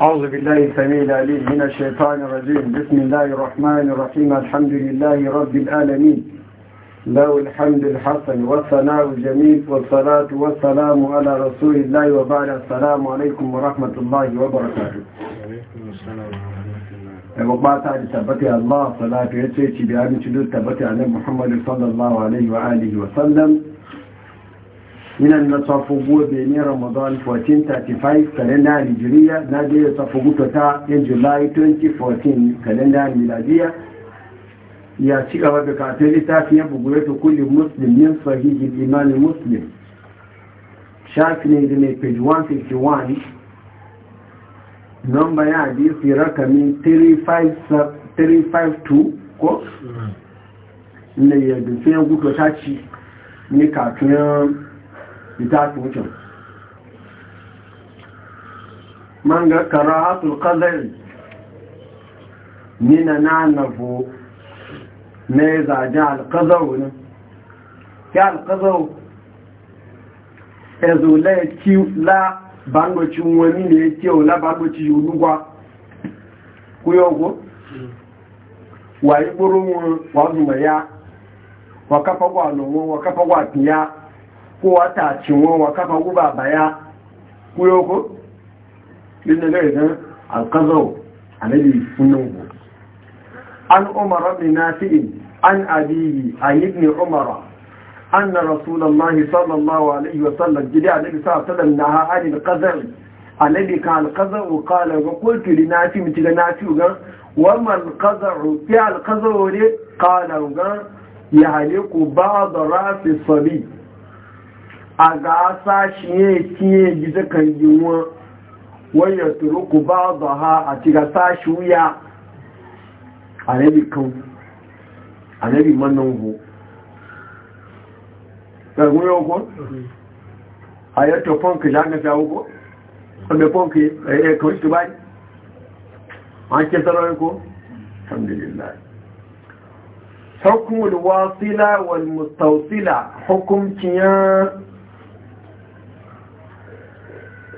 أعوذ بالله السميع العليم من الشيطان الرجيم بسم الله الرحمن الرحيم الحمد لله رب العالمين له الحمد الحسن والثناء الجميل والصلاة والسلام على رسول الله وبعد السلام عليكم ورحمة الله وبركاته وقبعت على تبتي الله صلاة يتشي بأمي تبتي على محمد صلى الله عليه وآله وسلم minan na safugu benin ramadan 1435 kalenda nigeria na da ya je safugu ta yan july 2014 kalenda miladiya ya ci gaba da katon littafin ya bugu ya tukuli muslim yin sahihi imanin muslim shafi ne da mai page 151 nomba ya hadisi rakami 352 ko ne ya dufe gudu ta ci ni katon littafin wucin Manga ga karahatul qadari nina na nafo na ya zaje ne ya alkazawo ẹzọ lẹ́ẹ̀kí lábángoci wọn ní lẹ́ẹ̀kí o lábángoci olúgbà kúyọ́gbọ́ wà ní gbóró wọn nwa zùmọ̀ ya wà káfàgbà lọ ko wata cinwon wa kafa guba baya kuyoko inda ga idan alkazau a nabi funin ku an umara bin nafi'in an abiyi a yi umara an na rasulun mahi sallallahu alaihi wasallam gidi a nabi sa sallam na ha hari alkazar a nabi ka alkazar ku kala ga kulki da nafi mutu ga nafi ga wama alkazar ku fi alkazar ne kala ga ya hali ku ba da rafi sabi a ga sashiye kiye gizo kan yiwuwa wanda turuku ba za ha a ciga sashi wuya a nabi kan a nabi manan hu ɗargun yau ko? a yato fonka ya ga shawo ko? wanda fonka ya kawai shi bai? an ke sarari ko? alhamdulillah hukumul wasila wal mustausila hukumciyar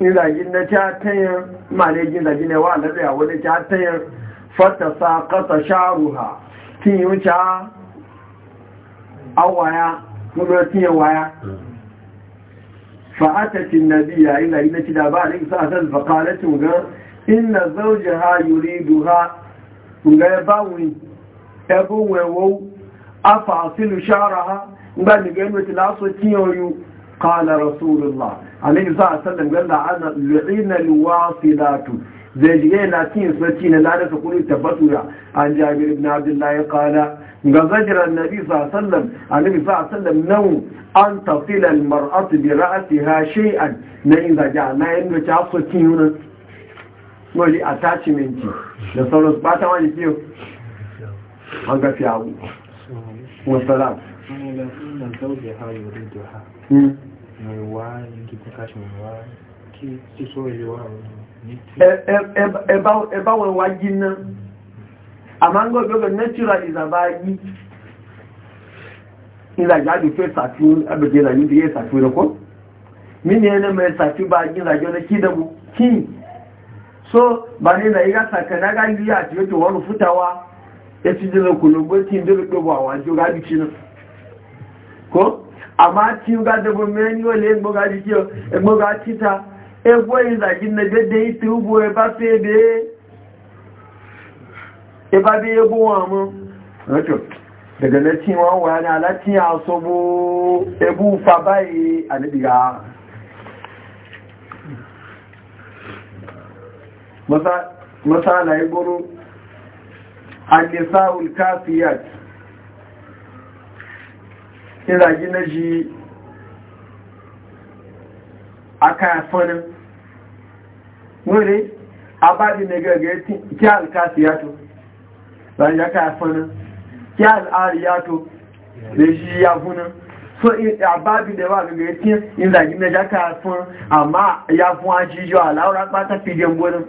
izagin na catayin manejin zagi ne wa da zai wani kasa sharuha tin yi wuce awaya kuma tin yi waya nabiya na ci da ba a san ga zauje ha yuri duha ga ya ba wuri afasilu sharaha gbanigbẹ́ mẹ́tìlá yi kala rasulullah عليه الصلاة والسلام قال لها أنا لعين الواصلات زيجيه لاتين سلتين لانا تقولي تبطويا عن جابر بن عبد الله قال غزجر النبي صلى الله عليه وسلم النبي صلى الله عليه وسلم نو أن تصل المرأة برأسها شيئا نعين ذا جعلنا إنه تعصو تينونا نولي أتاتي منتي نصول أصباتا واني فيو هنگا فيه عبو والسلام من الأسلام توجيها يريدها ẹbá wọn wá jí náà àmángọ́ ìgbẹ́gbẹ̀ natural ìzàbá yí ìlàjáde fẹ́ sàfihàn abẹ̀gbẹ̀ ìlàjú ti yẹ sàfihàn kọ́ mí ní ẹnẹ́ mẹ́ sàfihàn bá jí ìlàjọ́ lẹ́ kí dẹ̀mù kí so bá ní ìlà ìgá sàkẹ̀dágá yí àti yóò tó wọ́n fútawa ẹtí jẹ́ amma ci ga da bumeni wale egbo ga ji kiyo egbo ga ci ta egbo yi zagi na dede yi tubu eba febe eba bi egbo e wa mu rato daga na ci wa wa na lati ya so bo egbo fa bayi anabi ga masa masa la egbo an nisa'ul kafiyat iragi na ji aka fanin wani abadi ne gaga ki alkasi ya to zai ya ka ki al'ari ya to da shi ya funan so abadi da wa gaga ti na ja ka amma ya fun ajiyo alaura pata fidin gudun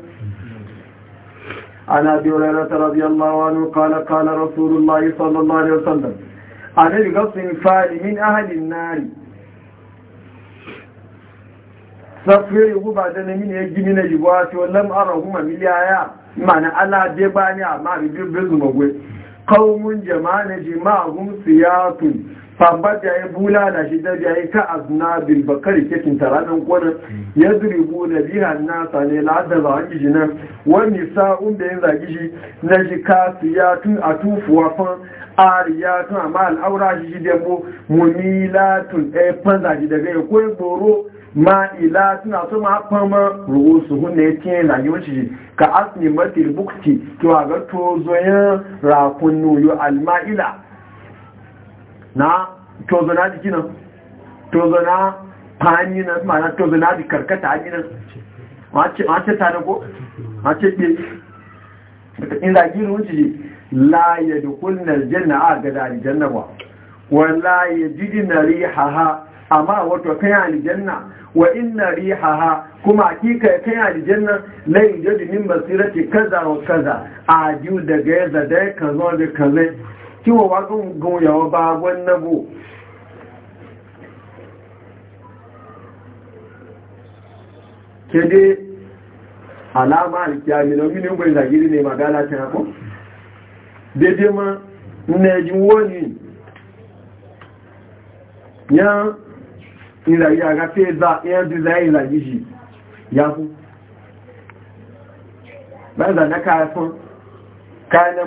عن أبي رضي الله عنه قال قال رسول الله صلى الله عليه وسلم A ga sinfani min ahalin nari safiye yi guba na mini ya gimi na yiwuwa ta wallan ara kuma miliyaya mana ala je ba ni a ma bibir bizumagwe kawun jama'a na jima'a jima'ahun siyatun babbar da ya bula da shi da ya ka azna bil bakari ke tintara nan kwanan ya bu na biha na sane la'adda za a gishi nan wani sa'un da ya zagi shi na shi su ya tun a tufuwa fan ariya tun amma al'aura shi shi da mu latun ɗaya eh, fanza shi daga ya koyi boro ma ila tun a suma ma ruwa su na ya tiye shi ka asini matil bukti to a ga tozoyin rakunnu yo alma'ila na tozo na jiki nan tozo na fahimni nan ma na tozo na karkata hanyar nan wace ta da ko wace ɗe in da gini wuce la ya da dukunar janna a ga da alijanna ba wala ya jidi na ha, amma wato kan alijanna wa inna ha, kuma hakika kan alijanna la yujadu min basirati kaza wa kaza a ju daga yadda da kazo da kaza kí wọ́n wá gúngun yàwó bá wẹ́nẹ́bù kéde alama ìkí àmìnà na ìgbẹ̀ ìzàgírí ní magala ti àkọ́ dédé ma nẹ́jì wọ́n ni yán ìzàgí àgáfẹ́ ìzàgí yìí na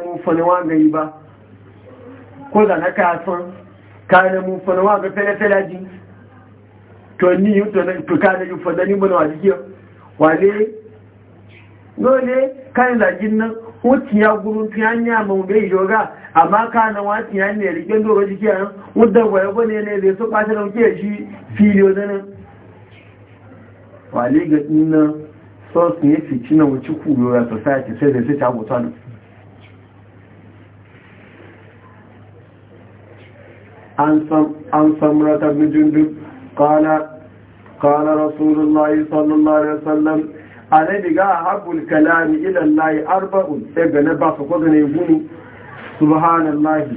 mú fọ́ni gẹ̀yí ba ko da na kasan kane mun fana wa ga fele-fele ji to ni yi to kane yi fada ni mana wa giyar wale dole kayan zagin nan wuce ya gurun ta hanya ma mu bai yoga amma kana wata ya ne rigen doro jiki a nan wadda waya bane ne zai so kwashe da muke shi filiyo da nan wale ga ɗin nan sos ne fitina wuci kuyo ya society sai da sai ta abuta nan عن سمرة بن جندب قال قال رسول الله صلى الله عليه وسلم عليه بقى حب الكلام إلى الله أربع إبقى نبع فقدنا يقول سبحان الله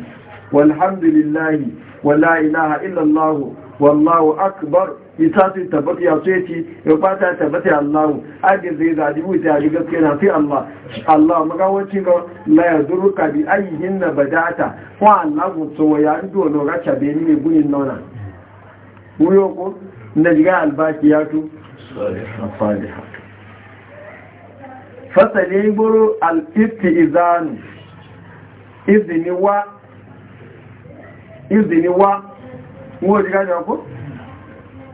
والحمد لله ولا إله إلا الله والله أكبر isa tabbata ya so yace ya fata tabbata ya Allah adi zai zadi wuce ya gaskiya na sai Allah Allah magawancin ga la yadurruka bi ayyihin badata wa Allah so ya ndo no racha be ni ne gunin nona wuyo ko na jiga albakiyatu salihah fasali buru al-iftizan izini wa izini wa wo jiga ko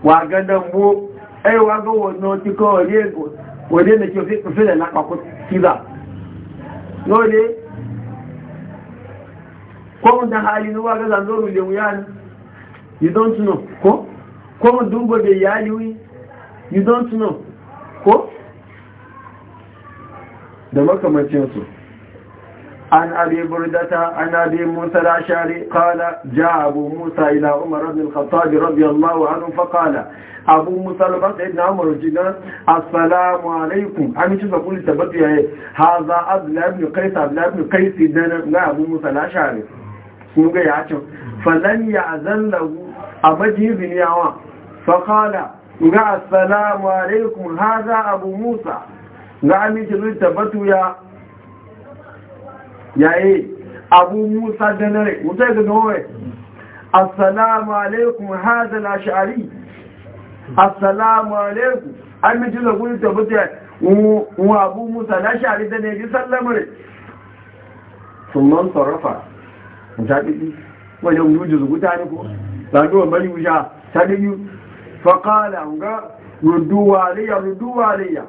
wà gẹ́dẹ̀ mú ẹwà gọ́wọ̀ tí kọ́ orí ẹgbò wòlé ní kí o fílẹ̀ lápapọ̀ síra lóòlé kọ́mù dá hali ní wà gẹ́dẹ̀ lóòrù lè wù yáni kọ́mù dúngbò عن أبي بردة عن أبي موسى العشاري قال جاء أبو موسى إلى عمر بن الخطاب رضي الله عنه فقال أبو موسى لبس إذن عمر جدا السلام عليكم أمي شو سأقول سبب هذا أبل أبن قيس أبل أبن قيس إذن لا أبو موسى العشاري سنوك يا يعشم فلن يعزن له أبجي بن يعوان فقال نقع السلام عليكم هذا أبو موسى لا أمي التبطي يا yaye abu musa danare musa ya gano wai assalamu alaikum hada lashari assalamu alaikum an miji da guri tabbata wa abu musa lashari da ne ji sallamar sunan sarrafa ta ɗiɗi wajen ruji zuguta ne ko zaɗuwa bari wuja ta ɗiɗi faƙala ga ruduwa riya ruduwa riya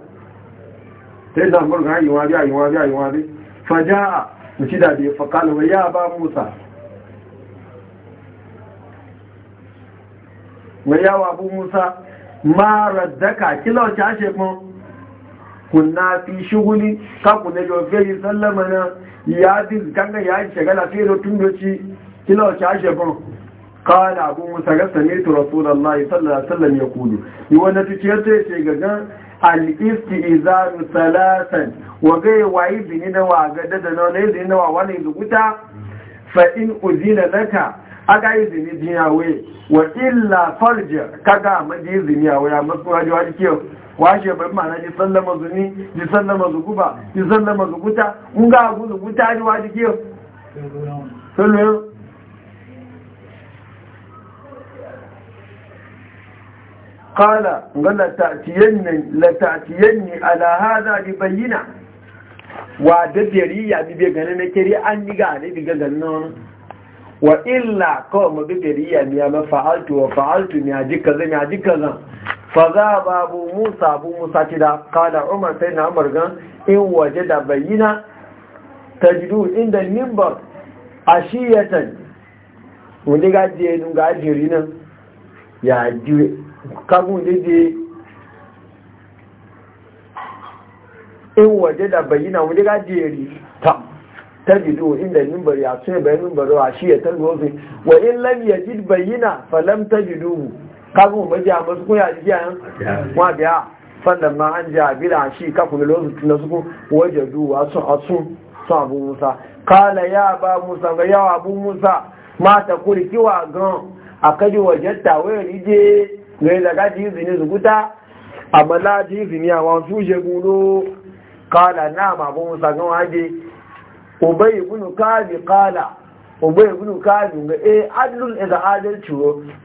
sai zafin ga yi wa biya yi wa biya yi wa biya faja'a suci da bai fakalwa ya ba musa wa ya wa abu musa ma raddaka kila wace ashe mu kunna fi shuguli ka ku ne jofe yi sallama na ya fi ganga ya yi shagala fiye da tun doci kila wace ashe mu kala abu musa ga sami turasu da allah sallallahu alaihi wasallam ya kudu yi wanda tuciyar ta ya ce gaggan al-istizaru salatan wa gai wayi bini da wa gada da na wani zini wa wani lukuta fa in uzina naka, aga yi zini jiyawe wa illa farja kaga maji zini yawe a matsuwa wa jikiyo washe bai mana ji sallama zuni ji sallama zukuba ji sallama zukuta kun ga abu zuguta wa jikiyo sallama kala ga latatiyen ne alahaza bi bayyana wa da jariya bibe ganin na kiri an yi gane biga ganin wa illa kawo mabi jariya ne ya mafa'altu wa fa'altu ne a jikazan ya jikazan faza babu musa bu musa ti da kala umar sai na umar gan in waje da bayyana ta jidu inda nimbar a shiyatan wani gajiyar nan ya jiwe kagun dede in waje da bayyana wani gajeri ta tajidu inda mimbar ya tsaye bayan mimbar wa shi ya tarbo zai wa in lam yajid bayyana falam tajidu kagun maji a masu kuya jiki a yan wa biya fannan ma an ja bila shi ka ku lokacin da suku waje duwa sun asun sun abu musa kala ya ba musa ga yawa abu musa mata kuri kiwa gan a kaji wajen ni je ga daga ji izini zuguta amma la ji izini a wọn suje gudu kala na mabon musa gan waje ubai ibn kabi kala ubai ibn kabi ga eh adlun idza adalci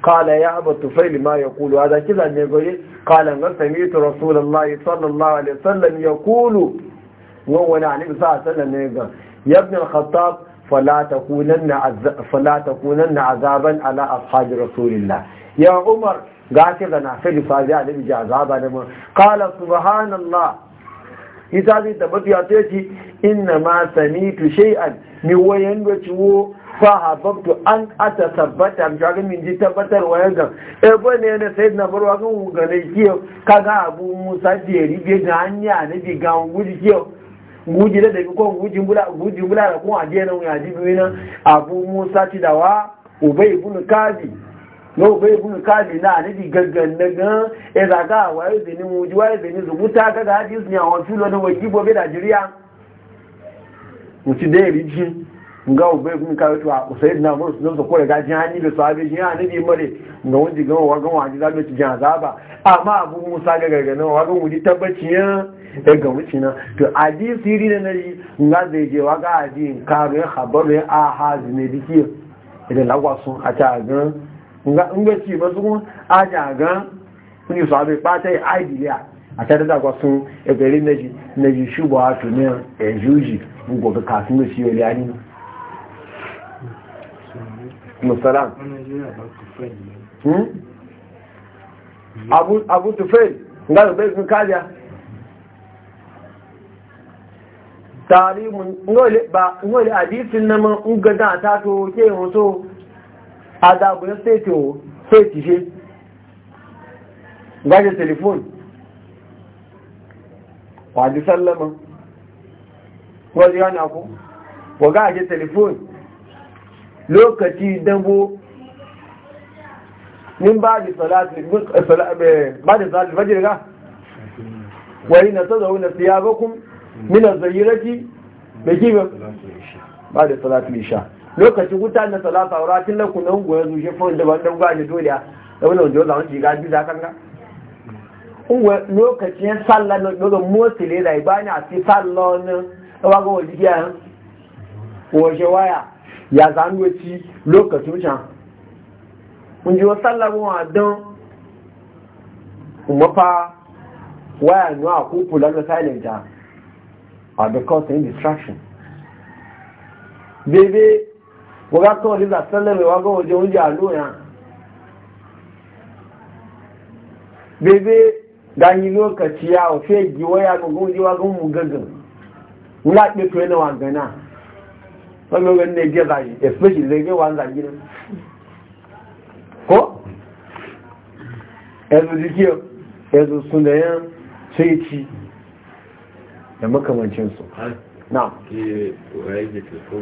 kala ya aba tufail ma ya yaqulu hada kiza ne gore kala ga sami'tu rasulullahi sallallahu alaihi wasallam yaqulu wa wala alaihi wasallam ne ga ya ibn al-khattab fala takunanna azaban ala ashabi rasulillah ya umar gashi ga na sai fa a da bija zaba da mu Kala subhanallah ta zai tabbata ya ce ci ina ma samitu a mi wayan da ciwo fa hababtu an atasabbata A min ji tabbatar wayan ga e ne ne sai na barwa kan ga ne kiyo kaga abu musa jeri be ga hanya ne bi ga guji kiyo guji da daga ko guji bula guji bula da ko aje nan ya ji bi nan abu musa cidawa dawa ubay ibn kazi yau bai bu ka kaji na alibi gaggan na ga e za zaga a wayo zini muji wayo zini buta ga ga hadis ne a wasu lona be Nigeria najeriya ti de ri ji nga o bai bu ka yi to a usaid na no so ko mursu don su kore gaji hannu da sahabi shi ya nabi mare ga wani gan wa ji gan be ji ci za ba amma abu musa ga ga gargana wa mu wuri tabbaci ya e ga mu ci na to hadis siri da nayi nga zai je wa ga hadin karu ya khabaru ya ahaz ne dikiyo idan lagwasun a ta gan ngbẹ́sí ìbọ́sùn ajàgán ní ìsọ̀ àbẹ̀ pàtẹ́ àìdìlẹ́ àtẹ́dẹ́dàgbà fún ẹgbẹ̀rẹ́ méjì méjì ṣùgbọ́ àtò ní ẹ̀yújì gbogbo kàfínú sí ẹ̀lẹ́ anínú musalam hmm? abu tufel ngáàrù bẹ́ẹ̀ fún káàdìá tààrí mú ngọ́ọ̀lẹ́ àdífin náà ń gẹ́dá àtàtò ke tó A da òun stéètì ṣe gbájẹ tẹlifóònù wàdí sẹ́lẹ̀mọ́ wọ́n ti rán àkó wọ̀gá àṣẹ tẹlifóònù lókàtí ìdánwò ní bá sọ́lá ti fẹ́jì wọ́n na sọ́dọ̀ wọn sí yàgọ́kún mínà zọ̀yírẹ́kí bẹ̀kí bá di lokacin wuta na salata wura tun lakun nan goya zushe fon da wannan ba ni dole da wani wajen zaun ci ga biza kan ga unwa lokacin salla na dole motsi le da ba ni a ci salla na wa ga wajen ya waje waya ya zanu ci lokacin can mun ji wa salla mu a don mafa waya ni a kufula na silent a because in distraction bebe wọ́gá tó ọdí ìgbà sẹ́lẹ̀mẹ̀ wá gọ́wọ́ jẹ oúnjẹ àlóyà bèbè ganyi lokaci ya ofe gi waya gogon ji wagon mu gagan wula ɗe to yana wa gana wani wani ne ge zaji especially zai ge wa zaji nan ko yanzu jikiyo yanzu sun da yan sai ci ko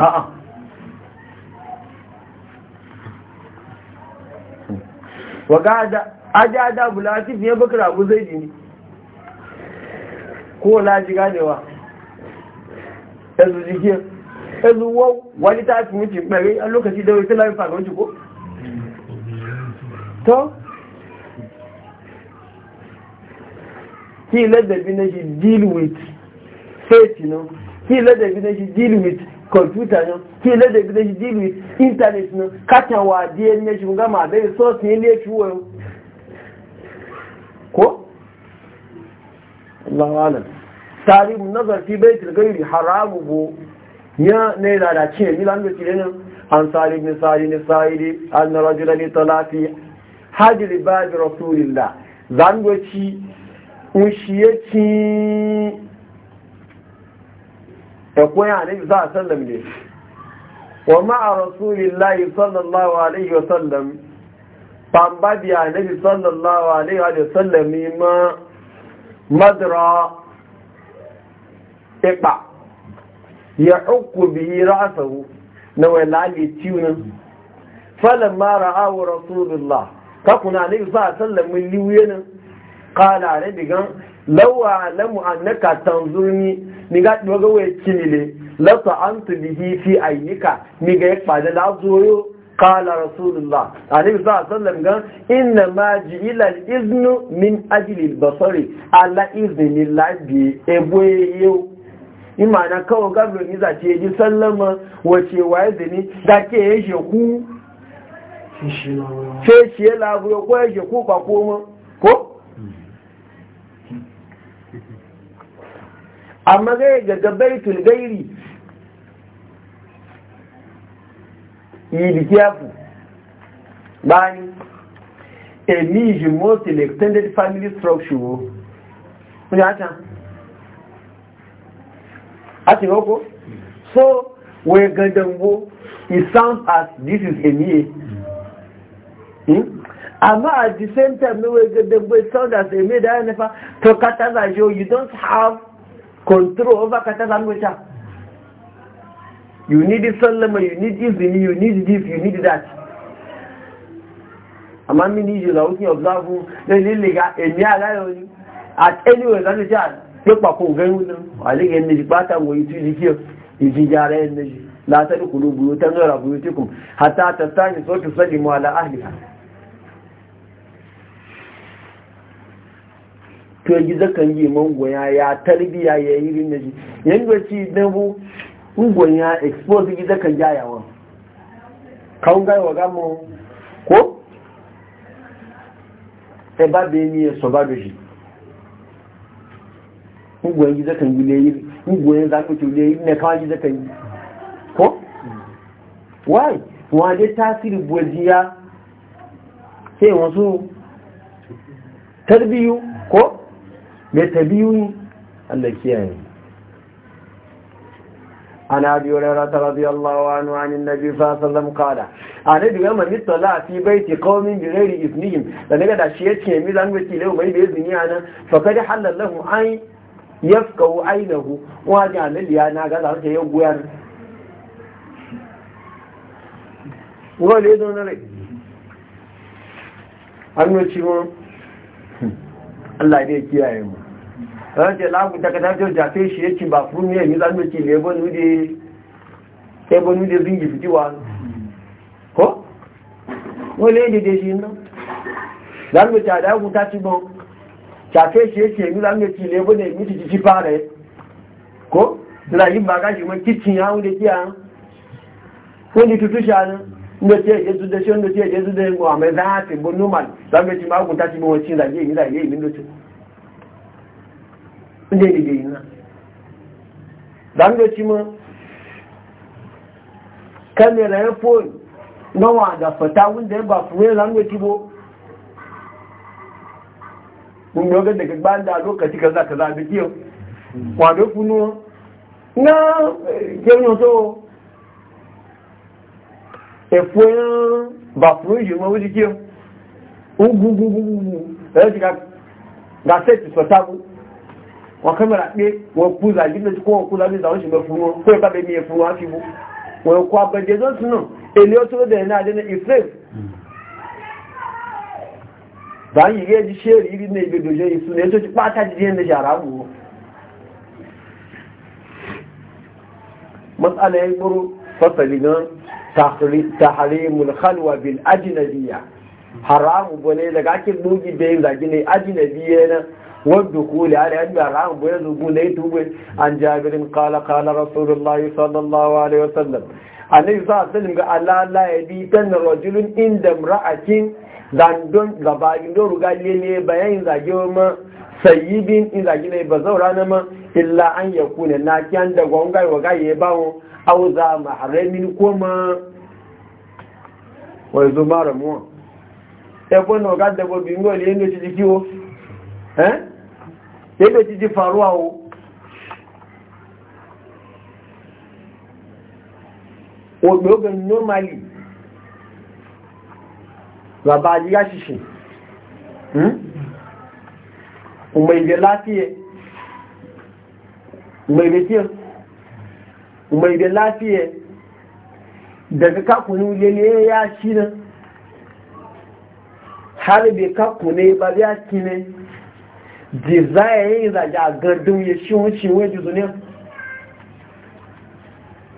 a'a waga aja da bulatif ne bakar abu zai jini ko laji ganewa yanzu jikiyar yanzu wani ta fi wuce ɓare a lokaci da wai tilayen faru wuce ko? to? ki ladabi na shi deal with faith you know ki le de gine ji deal with computer yon, ki le de gine ji deal with internet yon, kachan wa diye nye chi mga ma beye so si ne liye chou yon. Ko? Allah alam. Tari mou nazar ki beye tri gayri haram ou bo, nye ne la la chen, mi lan de tri an sari ibn sari ni sari, an na rajula ni talati, hadi li bazi rasulillah, zan gwe chi, shi ya ci. da koya annabi za a sallam ne wa ma'a rasulillahi sallallahu alaihi wa sallam bamba bi annabi sallallahu alaihi wa sallam ma madra ipa ya uku bihi ra'sahu na walali tiwon falamma ra'ahu rasulullah kakuna annabi sallallahu alaihi a sallam liwiyenin qala alaihi gan law a'lamu annaka tanzurni Ni ga ɗi waga wai kini ne lasa an tu bihi fi ainika mi ga ya kpade da zoyo kala rasulullah alaihi sa sallam gan inna ma ji ila iznu min ajili basari ala izini labi ebe yau imana kawo gabin ni za ce ji sallama wace waye zini da ke ya sheku feshe labu ya ko ya sheku ba koma ko amma zai ga baitul gairi yi da bani a e, nishi most extended family structure wo kuni hata hati so we gadambo it sounds as this is a me hmm? amma at the same time no we gadambo it sounds as a me da ya nufa to kata zajo you don't have control over kata language ah. you need sallama you need izini you need this you need that amma mi ni jula okin observe le le le ga emi ara yo ni at anywhere that is that pe pa ko gan won ale gen ni pata wo itu ni ki iji jare ni la ta ku lu bu tan ra bu ti kum hatta ta ta ni so to sali mu ala ahliha to yi zakan yi mangoya ya tarbiya ya yi rin da shi yadda ci na bu mangoya expose yi zakan ya yawan kawun gaiwa gamu ko e ba da yi ya so ba da shi mangoya yi zakan yi ne yi mangoya za ku ci ne yi ne kawon yi zakan yi ko why wade tasiri buwajiya sai wasu tarbiyu ko mai ta biyu Allah kiyaye ana biyu da rata radiyallahu wa anuwanin na biyu fasar zamkada a na biyu yamma za a fi bai ce komin birari isnihim da na gada shi ya ce mi zan wace lewa mai bai zuniya nan fakari halallahu an ya fukawo ainihu wa ji amiliya na gaza wace ya goyar wale kiyaye mu ránṣẹ́ láàpùtàkàtàjọ́ jàfẹ́ ṣe ti bà fún ní ẹ̀mí lánàkì ilẹ̀ ẹbọnúdé ríngì fìtí wa kọ́ wọ́n lè dédé sí iná lánàkì àdágún tátúgbọ́n jàfẹ́ ṣe ti ẹ̀mí lánàkì ilẹ̀ ẹbọnúdé ẹ̀mí ti ti pa rẹ̀ kọ́ nílá yìí bá gáṣì mọ́ ba àwọn ilé tí a ń wọ́n ni tuntun ṣàánú ndọ̀tí ẹ̀jẹ́ tó dẹ́ sí ọ̀nà tí ẹ̀jẹ́ tó dẹ́ ń gbọ́ àmẹ́dá àti bọ́ normal lánàkì máa gùn tátúgbọ́n ci ti ń rà yé ìmìlà yé inda ya yi nan zangaci ma kamera ya foyi nawa da fata wanda ya ba fuwe zangaci bo mun yoga daga bayan da lokaci kaza kaza da kiyo kwado kuno na eh, kyanyo so efuwe ba fuwe yi ma wuji kiyo ugugugugugu ya shiga ga sai fata wọn kẹ́mẹ́rà pé wọn kú ìlàjí na kó wọn kú lábí ìdáwọn ṣùgbọ́n fún wọn kó ìbá bẹ̀mí ẹ̀fún wọn fi mú wọn kó abẹ́jẹ́ tó túnà èlé ó tó dẹ̀ náà jẹ́ ìfẹ́ báyìí yé jí ṣe rí rí ní ìgbèdò jẹ́ ìsúná ètò ti pátá jíjẹ́ ní ṣàrá wù gburu taharimul khalwa bil haramu bane daga ake bugi da yin والدخول على أبي العام ويزبون ليتوب عن جابر قال قال رسول الله صلى الله عليه وسلم النبي صلى الله عليه وسلم قال لا لا يبيتن رجل عند امرأة zandon gabagin doru galle ne bayan zage ma sayyibin in zage ne ba zaura na ma illa an ya kuna na kiyan da gwangai wa gaye ba mu auza maharamin kuma wai zo mara mu e ko no ga da bo bingo le ne ti dikiwo eh yadda ci ji faruwa wo ogbogan normally bàbá ayíyá ṣìṣì ọmọ ìdè láti da ọmọ ìdè tí ẹ̀ ọmọ ìdè láti ẹ̀ daga kakunin ne ya shi nan har bai kakunin ba ya kinin desire yin zage a gardin ya shi wuce wuce zuniya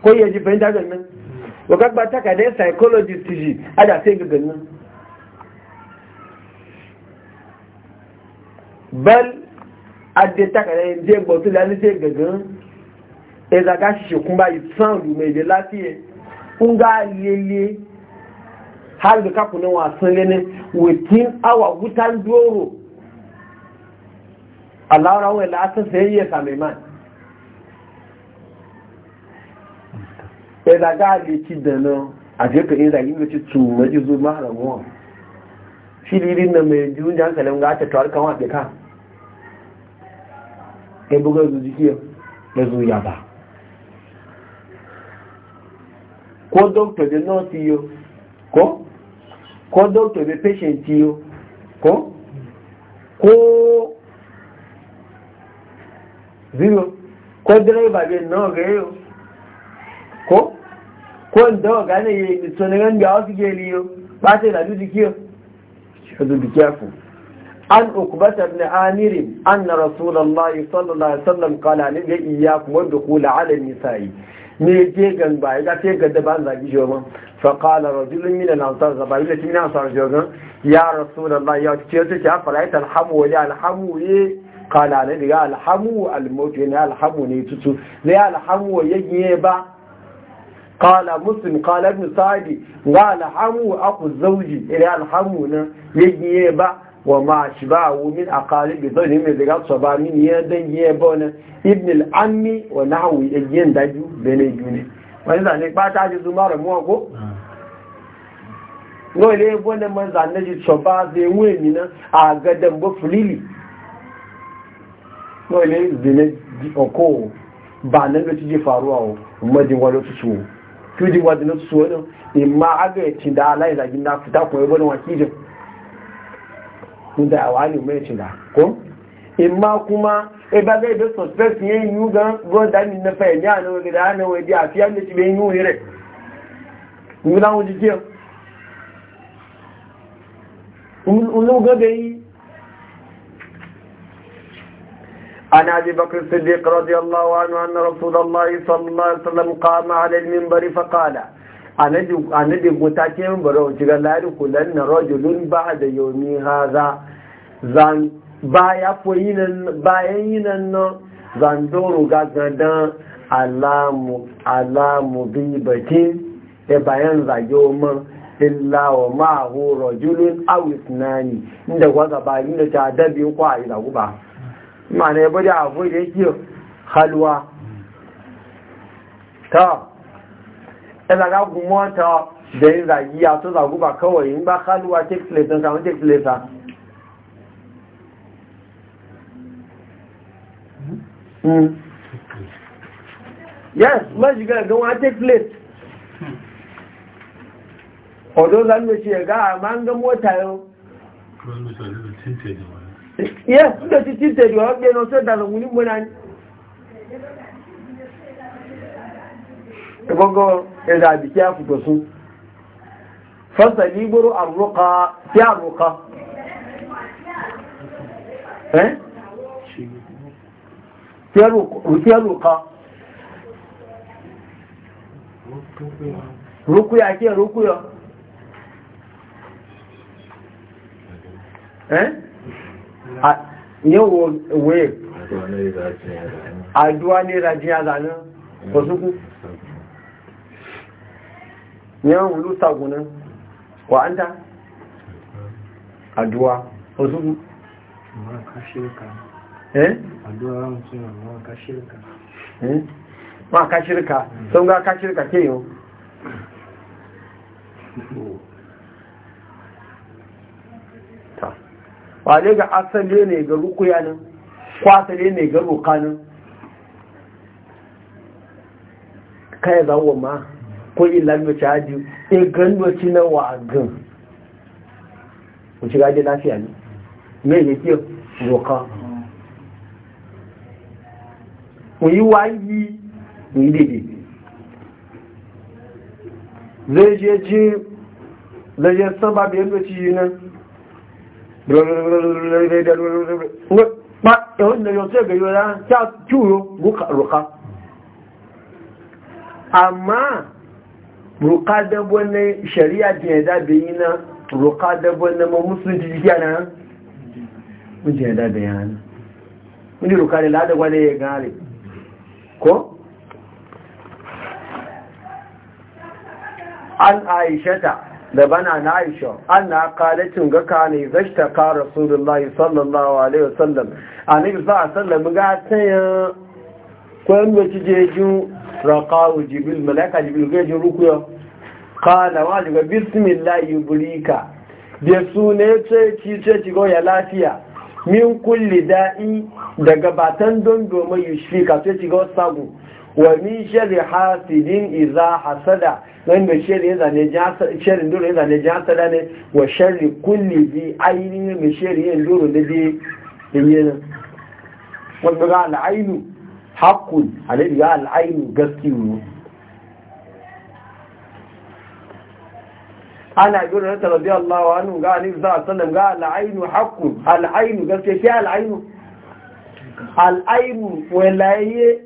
ko ya ji bayan dagar nan wakar ba ta kada psychologist a da sai bal adde takada yin je gbotu da ni sai gagan e zaga shi kun ba yi sound mai da lafiya kun ga lele har da kakunan wasan lenin within awa wutan doro Allah rawar la'asar sai yi ya same man sai da ga alici da nan a shekarun yin zagin da ci tsuma ji zo maharamuwa shi lirin na mai jiun jan salam ga ake tawar kama da ka ya buga zu jikiyar ya zo ya ba ko doctor da nurse yiyo ko ko doctor da patient yiyo ko ko zero ko direba bai nawa ga yau ko ko da ga ne yi tsonin ga wasu ke liyo ba ta da duki yau should be careful an ukbata ibn amir anna rasulullahi sallallahu alaihi wasallam qala li iyyakum wa dukhul ala nisa'i ne ke gan ba ya ce ga da ban zagi joman fa qala rajul min al-ansar zabaila tin ansar jogan ya rasulullahi ya ce ce ta faraita al-hamu wa al-hamu kala ne daga alhamu almauti ne alhamu ne tutu zai alhamu wa yayye ba kala muslim kala ibn sa'di ga alhamu aku zauji ila alhamu na yayye ba wa ma shi ba wu min zai dhalmi mai daga ba min ya dangiye ba wani. ibn al-ammi wa biyu da ne biyu ne. wani zane pata ji da muwa ko no ile yi ne man ji saba zai wuye mina a gadan bo fulili wọ́n ilé ìzìnlẹ̀ ọkọ̀ bà nílò tí jẹ́ faruwa o mọ́dínwá ló o tí ó dínwá dínlò tutù wọn ìmá na tìndà aláìlàjì náà fìtà na ẹgbọ́n kuma ẹgbẹ́ abẹ́ ìbẹ́ suspect yẹn yíú gan rọ́dà ní nẹfẹ̀ ní àná ògèdè àná ògèdè àti àmì ti bẹ́ yíú rẹ̀ nígbà wọn jíjẹ́ olóògbé عن أبي بكر الصديق رضي الله عنه أن رسول الله صلى الله عليه وسلم قام على المنبر فقال أنا دي متاكي منبر وجغل لا يقولن رجل بعد يومي هذا زان بايا فوينن بايا ينن زان دورو غاغدان alamu مضيبتين bibatin e يوم إلا man illa wa ma'ahu rajulun aw ithnani inda gwaza ba inda ta ma'ana ya bada abuwa da yake halwa ta ɗaga gumo ta da yin zagi ya to zagu ba kawai in ba halwa take place don samun take place hmm. yes ma shiga ga wa take place odo zan ce ga a an ga mota yau yes suka ci cinta da wa ɗaya da zangunin muna ne gbogbo ẹ̀dà àbíkí àfùgbọ̀ sún fọ́sẹ̀ ní gbóró àrùkà sí àrùkà ẹ́ rúkúyà kí rúkúyà ẹ́ yau waye aduwa ne rajiya zanen wasu ku yawon wulu sagunan ta? aduwa wasu ku ma ka shirka sun ga ka shirka ke yau wale ga asali ne ga rukuyanin kwasali ne ga rukanin kai zawo ma ko ilami caji e gandoci na wa gan wuce gaji lafiya ne mai fiye roka mu yi wayi mu yi daidai zai je ji zai je sababin yandoci yi nan pa ẹ̀hún ni yóò na an àìṣẹ́ta da bana na aisha ana kalacin ga kane zashta ka rasulullahi sallallahu alaihi wasallam annabi sallallahu alaihi wasallam ga tsayin kwando cijejin raqawu jibril malaika jibril ga jin rukuya kana wa daga bismillah yubrika da sune ce ci ce ci go ya lafiya min kulli da'i daga batan don domin yushfika ce ci go sagu wa min shari hasidin iza hasada nan da sharri yana ne shari dole yana ne da ne wa shari kulli bi aini mai shari yana dole da bi yana wanda ga al'ainu haqqun alai ga al'ainu gaskiyu ana gurin rata rabi Allah wa hannu ga alif za a sallam ga al'ainu haƙƙun al'ainu gaske al'ainu al'ainu wa walaye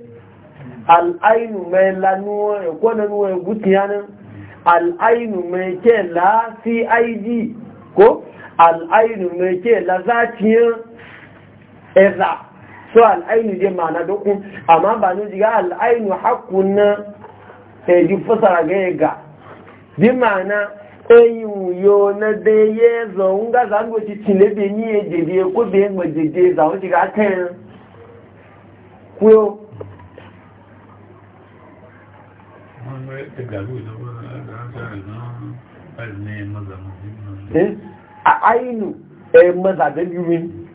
al'ainu mai lanuwa ya kone nuwa ya guti yanin al'ainu mai ke la cid ko al'ainu mai ke la zaciyar eza so al'ainu je ma'ana dokun amma ba ni jiga al'ainu hakkun na eji fasara ga ga bi ma'ana ẹ̀yìn e yo na dẹyẹ zọ ń gáza ń gbòtí tí lébè ní èdèdè kó bẹ́ẹ̀ mọ̀ dèdè zàwọn ti ká Eh? ainu ɗayan eh, mazaɓen yumin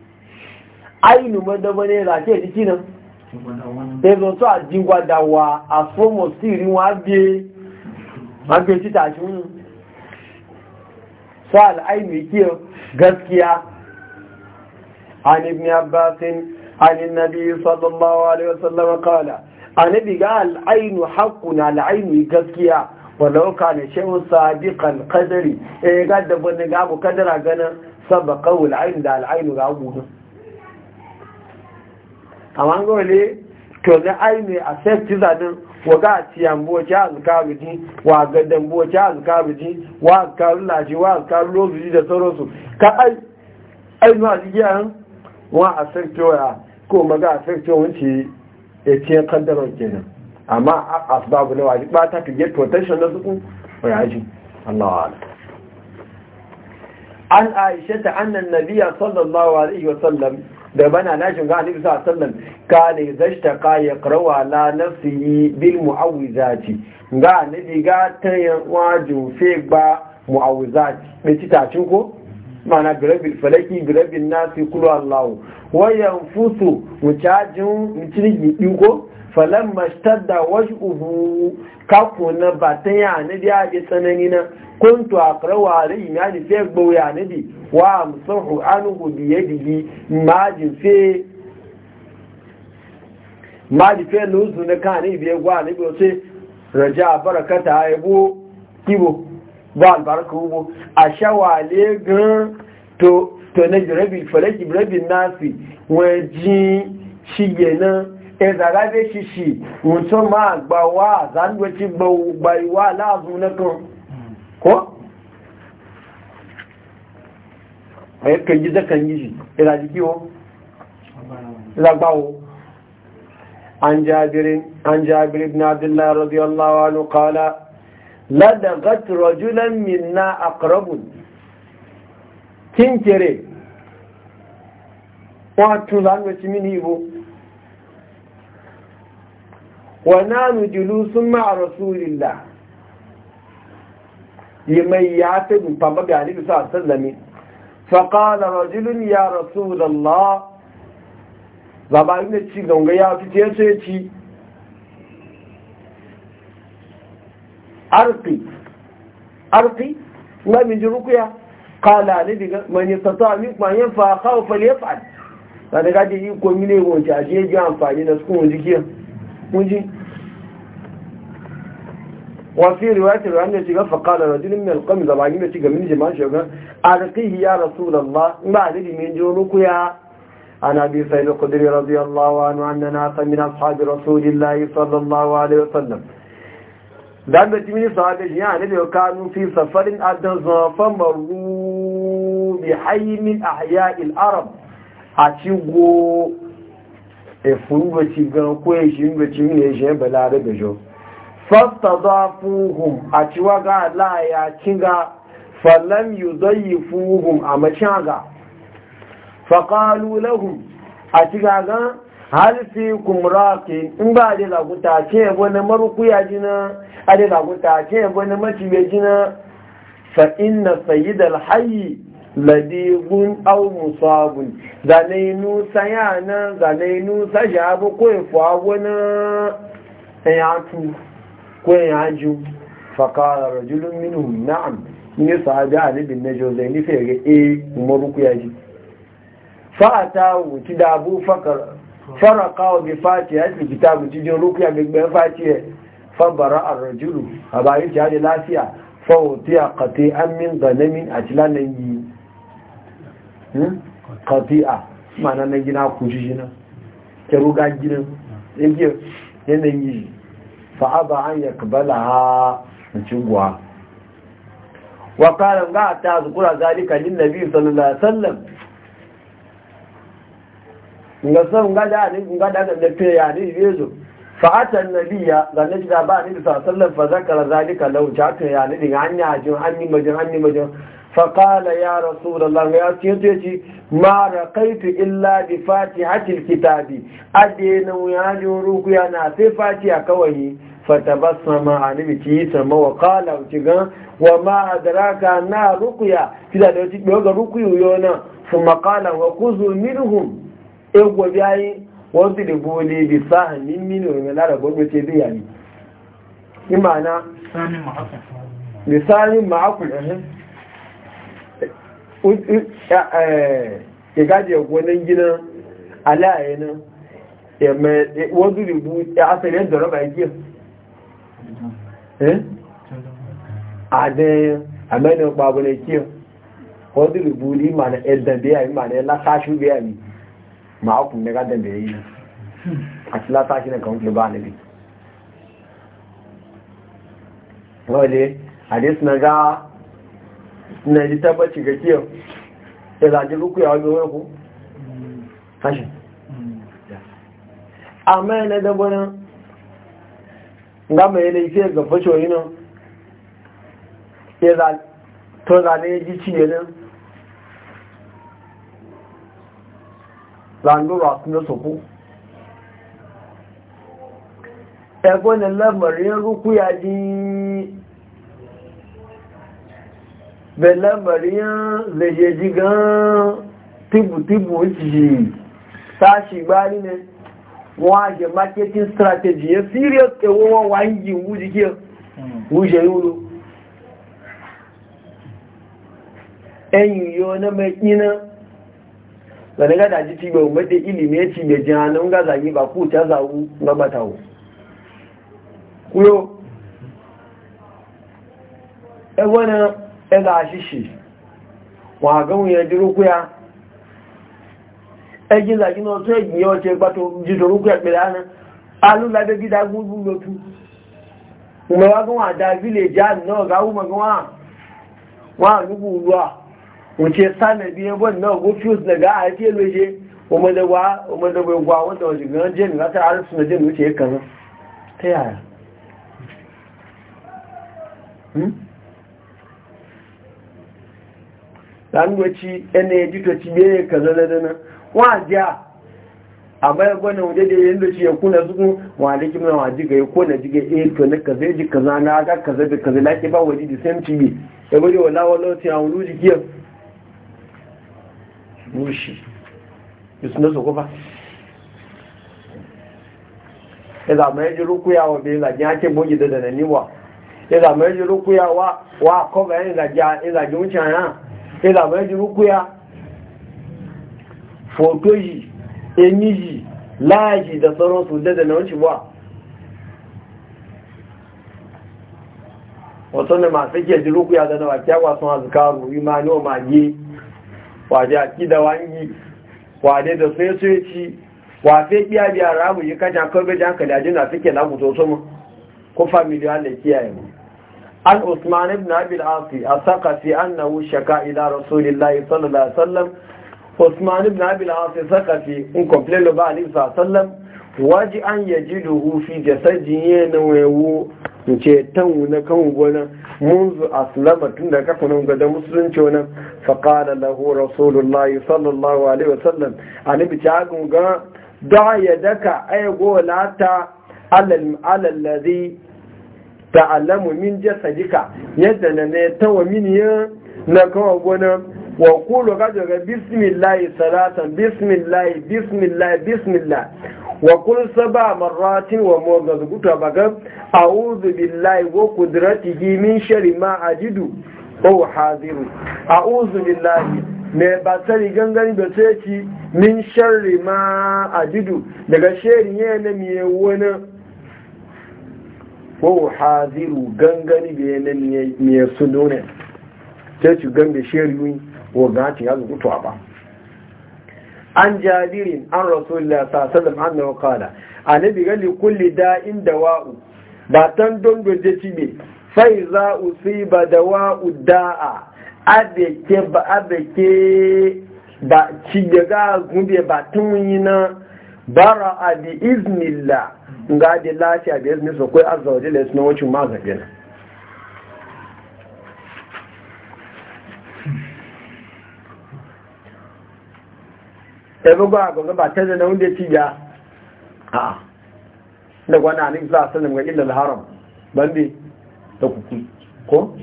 ainu madaba ne da ke jiki nan ɗayan eh, to a jingwada wa a fomo siri wa biye mafi tita shi wuni so al'ainu kiyo gaskiya an ibn abbasin an nabi sallallahu alaihi wasallam kawala annabi ga al'ainu haqqun al'ainu gaskiya walau eh, ne shay'un sabiqan qadari E, ga da ban ga abu kadara ganin sabaqa wal ain da al'ainu ga abu amma gole to na ain a accept zanin wa ga tiyan a ja azkaruji wa ga dan bo ja azkaruji wa karu laji wa karu ji da sauransu ka ai ai ma jiya wa accept wa ko maga accept wanci ya ce kaddarar kenan amma asbabu na wajibi ba ta fiye protection na suku wayaji Allah wa ala an aisha ta annan nabiya sallallahu alaihi wasallam da bana na shiga alaihi wasallam ka ne zai ta ya karawa na nafsi bil mu'awwizati ga nabi ga ta yi wajen fe ba mu'awwizati bi titacin ko mana birabin falaki birabin nasi kulu allahu wayan yanfusu mucajin mucin gidi ko falan mashtar da wasu uhu kaku na batan ya nabi a tsanani na kuntu a karawa rai na di fe gbo ya nabi wa musahu anuhu biye digi majin fe majin fe lusu na kan nabi ya gwa nabi wasu raja barakata ya bo kibo ba albarka hubo a shawale gan to to na jirabi falaki birabin nasi waji shige nan ezara be shishi mutum ma gba wa zanduwaci gbaiwa la'azu na kan ko? a yi kan gizo kan gizi irajiki e o? zagbawo an jabirin an jabirin na abdullahi radiyallahu anu kala ladagat rajulan minna aqrabun kinkere wato zanu ci mini ibo wa nanu julusun ma'a rasulillah yimai ya ta gumfa mabiya ni bisa sallame faƙala rajulun ya rasu da Allah zaɓa inda ci ganga ya fi ce ci arqi arqi ma min ji rukuya qala ni diga man yastata min man yanfa khaw falyaf'al da daga ji ko ne wonci a je ji amfani da su kun jiki Mun ji wa fi riwayat al shiga fa qala rajul min al ba gina shiga min jama'a shiga arqihi ya rasulullah ba da min ji rukuya عن أبي سيد الخدري رضي الله عنه أن ناسا من أصحاب رسول الله صلى الله عليه وسلم dan da jimini sahabe ya ne da kanu fi safarin adan zafan maru bi haymin ahya'il arab a cigo e furu ci ga ko e shin ga cin ne je balare da jo fastadafuhum a ciwa ga la ya kinga falam yudayifuhum a ga. faqalu lahum a ciga ga hal fi kumraki in ba da laguta ce yabo na marukuya jina a da laguta ce yabo na macibe jina fa inna sayyidal hayy ladigun aw musabun zanainu sayana zanainu sajabu ko ifwa wona sayatu eh, ko yaju fa qala rajulun minhum na'am ni sahabi ali bin najazaini ga e marukuya ji fa ta wuti da abu fakar faraka bi ya fi kitabu cikin rukiya gbogbo fatiha fabara arrajulu a bayan ta hajji lafiya a kati an min ganamin a nan yi hmm? a mana na gina kuji jina ta ruga ginin yi fa aba an ya kabala ha a cingwa wa ga ta zukura zalika lin nabi sallallahu alaihi wasallam nga so nga da ni nga da da pe ya ni yezo fa ata nabiya ga ne da ba ni sa sallan fa zakara zalika law ja ta ya ni ga anya ji hanni majin hanni majin fa qala ya rasulullah ya ce ce ci ma raqaitu illa bi fatihati alkitabi na ya ji ruku ya na sai fatiha kawai fatabassama anibi ki sama wa qala ga wa ma adraka na ruqya kida da ti ga ruqyu yona thumma qala wa kuzu minhum egwo biyayi wasu da bole bi sahanin mini wani lara gwamnati zai yami imana misalin ma'akul ya gaji ya gwanin gina alaye nan wasu ribu ya asali yadda raba ya giya adayen amẹ́nà pàbọ̀lẹ̀ kíyàn wasu ribu ni ma na bi bí i ma na ẹlá bi bí ma hukun ne gadon da ya yi a tilata shi ne kan wuce ba nabi wale hadis na ga na ji tabbaci ga kiyo ya zaji ruku ya wani wani ku fashin amma yana na, dabanin ga mai laifiyar ga fashoyi nan ya zaji to zane ya ji ciye nan randoro akunle soko ẹgbọ́n ni lẹ́mọ̀rin rúkú ya di bẹ lẹ́mọ̀rin lèyẹ jí gan tíbùtíbù ó ti yìí sáàṣì gbá nínú wọ́n a jẹ marketing strategy yẹ serious ewó wọ́n wá ń yìí wú jí kí wú jẹ yúrò ẹ̀yìn yóò wani gada ji ci bai umarta ilimi ya ci bai jihannan ga zagi ba ku ta zagu na batawo kuyo ẹgbọ́nà ẹgbà àṣìṣì wọ́n àgọ́wò yẹn dúró kúyà ẹjí zagi náà tó ẹgbìyàn ọ̀tẹ́ gbátò jìdòrò kúyà pẹ̀lẹ̀ ánà alúlábẹ́ gídá gúgbù lótú mọ̀wá gọ́wọ́n àdá village náà gáwọ́ wuce sanadi biye bon na go fuse daga a fiye loje kuma da wa gwa wanda wajen ganin jin na ta arsu na jin wuce ya kan ta yaya dan hmm? goci ene ya jito ci biye kaza da dana wa a amma ya gwana waje da yin da ci ya kuna zuku wa da kimna wa jiga ya kona jiga eh to ka zai ji kaza na ga kaza da kaza ke ba waje da same ci bi ya gode wa wala ti a wulu jikiyar bushi yusu na soko ba ya zama ya ji rukuyawa bai zagi hake bogi da da niwa ya zama ya ji rukuyawa wa koga ya zagi wuce ya ya zama ya ji rukuya foto yi enyi yi laji da sauransu da da na wuce ba wato ne masu ke ji rukuya da na wakiyawa sun azikaru ne wa magi waje akida wangi wade da sai sai ci wafe biya biya ramu yi kaja kawai bai hankali a jina suke na guto su mu ko famili wanda kiyaye mu an usman ibn abil asi a asaqafi annahu shaka ila rasulillahi sallallahu alaihi wasallam usman ibn abil asi saqafi in complain ba alaihi wasallam waji an yaji da hufi da sajin yi na wewu nke tan wuna kan gona munzu aslama tun da kafa nan gada musulunci wani faƙada lahu rasulullah sallallahu alaihi wasallam a nufi ta gunga da ya daka aigo lata alallazi ta alamu min jasa jika yadda na ne tawa min na kawo gona wa kulu ga daga bismillahi salatan bismillahi bismillahi bismillah wa kul saba marratin wa mawgazu guta baga a'udhu billahi wa qudratihi min shari ma ajidu aw hadiru a'udhu billahi me ba gangan da tsaki min shari ma ajidu daga shari ne na miye wani wa haziru gangan da ne miye sunone sai ci gangan shari وقعت يازو كتوابا عن جابر An رسول الله صلى الله عليه وسلم عنه قال النبي قال لكل داء دواء باتن دون بجتبي فإذا أصيب دواء الداء أبكي أبكي ba ci daga gumbe ba tun yi na bara a iznillah ga da lafiya da izinin su kai azza wa jalla suna wucin ma ebe ba ga ba ta da wanda ci ya a da gwana ne za a sanin ga illar haram bande ta kuku ko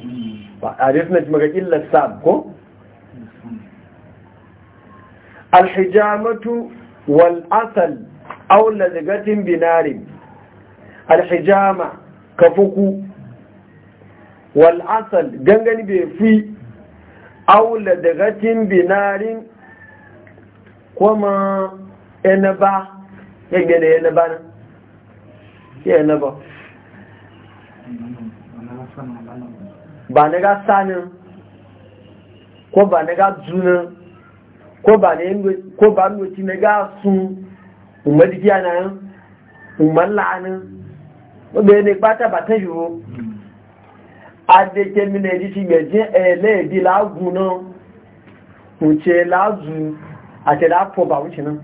ba a rifna ci maga illar sab ko alhijamatu wal asal aw lazgatin binarin alhijama kafuku wal asal gangani bai fi aw lazgatin binarin wọ́n ẹnẹba ẹgbẹ̀rẹ̀ ẹnẹba náà sí ẹnẹba bànẹ́gá sáni kó bànẹ́gá dúnà kó bànẹ́gá nẹ́gá sun ìmọ̀díkí ànáyán ìmọ̀láàánú gbogbo ẹni pátábàtẹ́ yòó adékẹ́mínẹ̀ ìdí ti gbẹ̀jẹ́ ẹ̀ẹ́lẹ́ẹ̀dí láàgùn náà a ti dáa pọ̀ bà wíṣẹ́ náà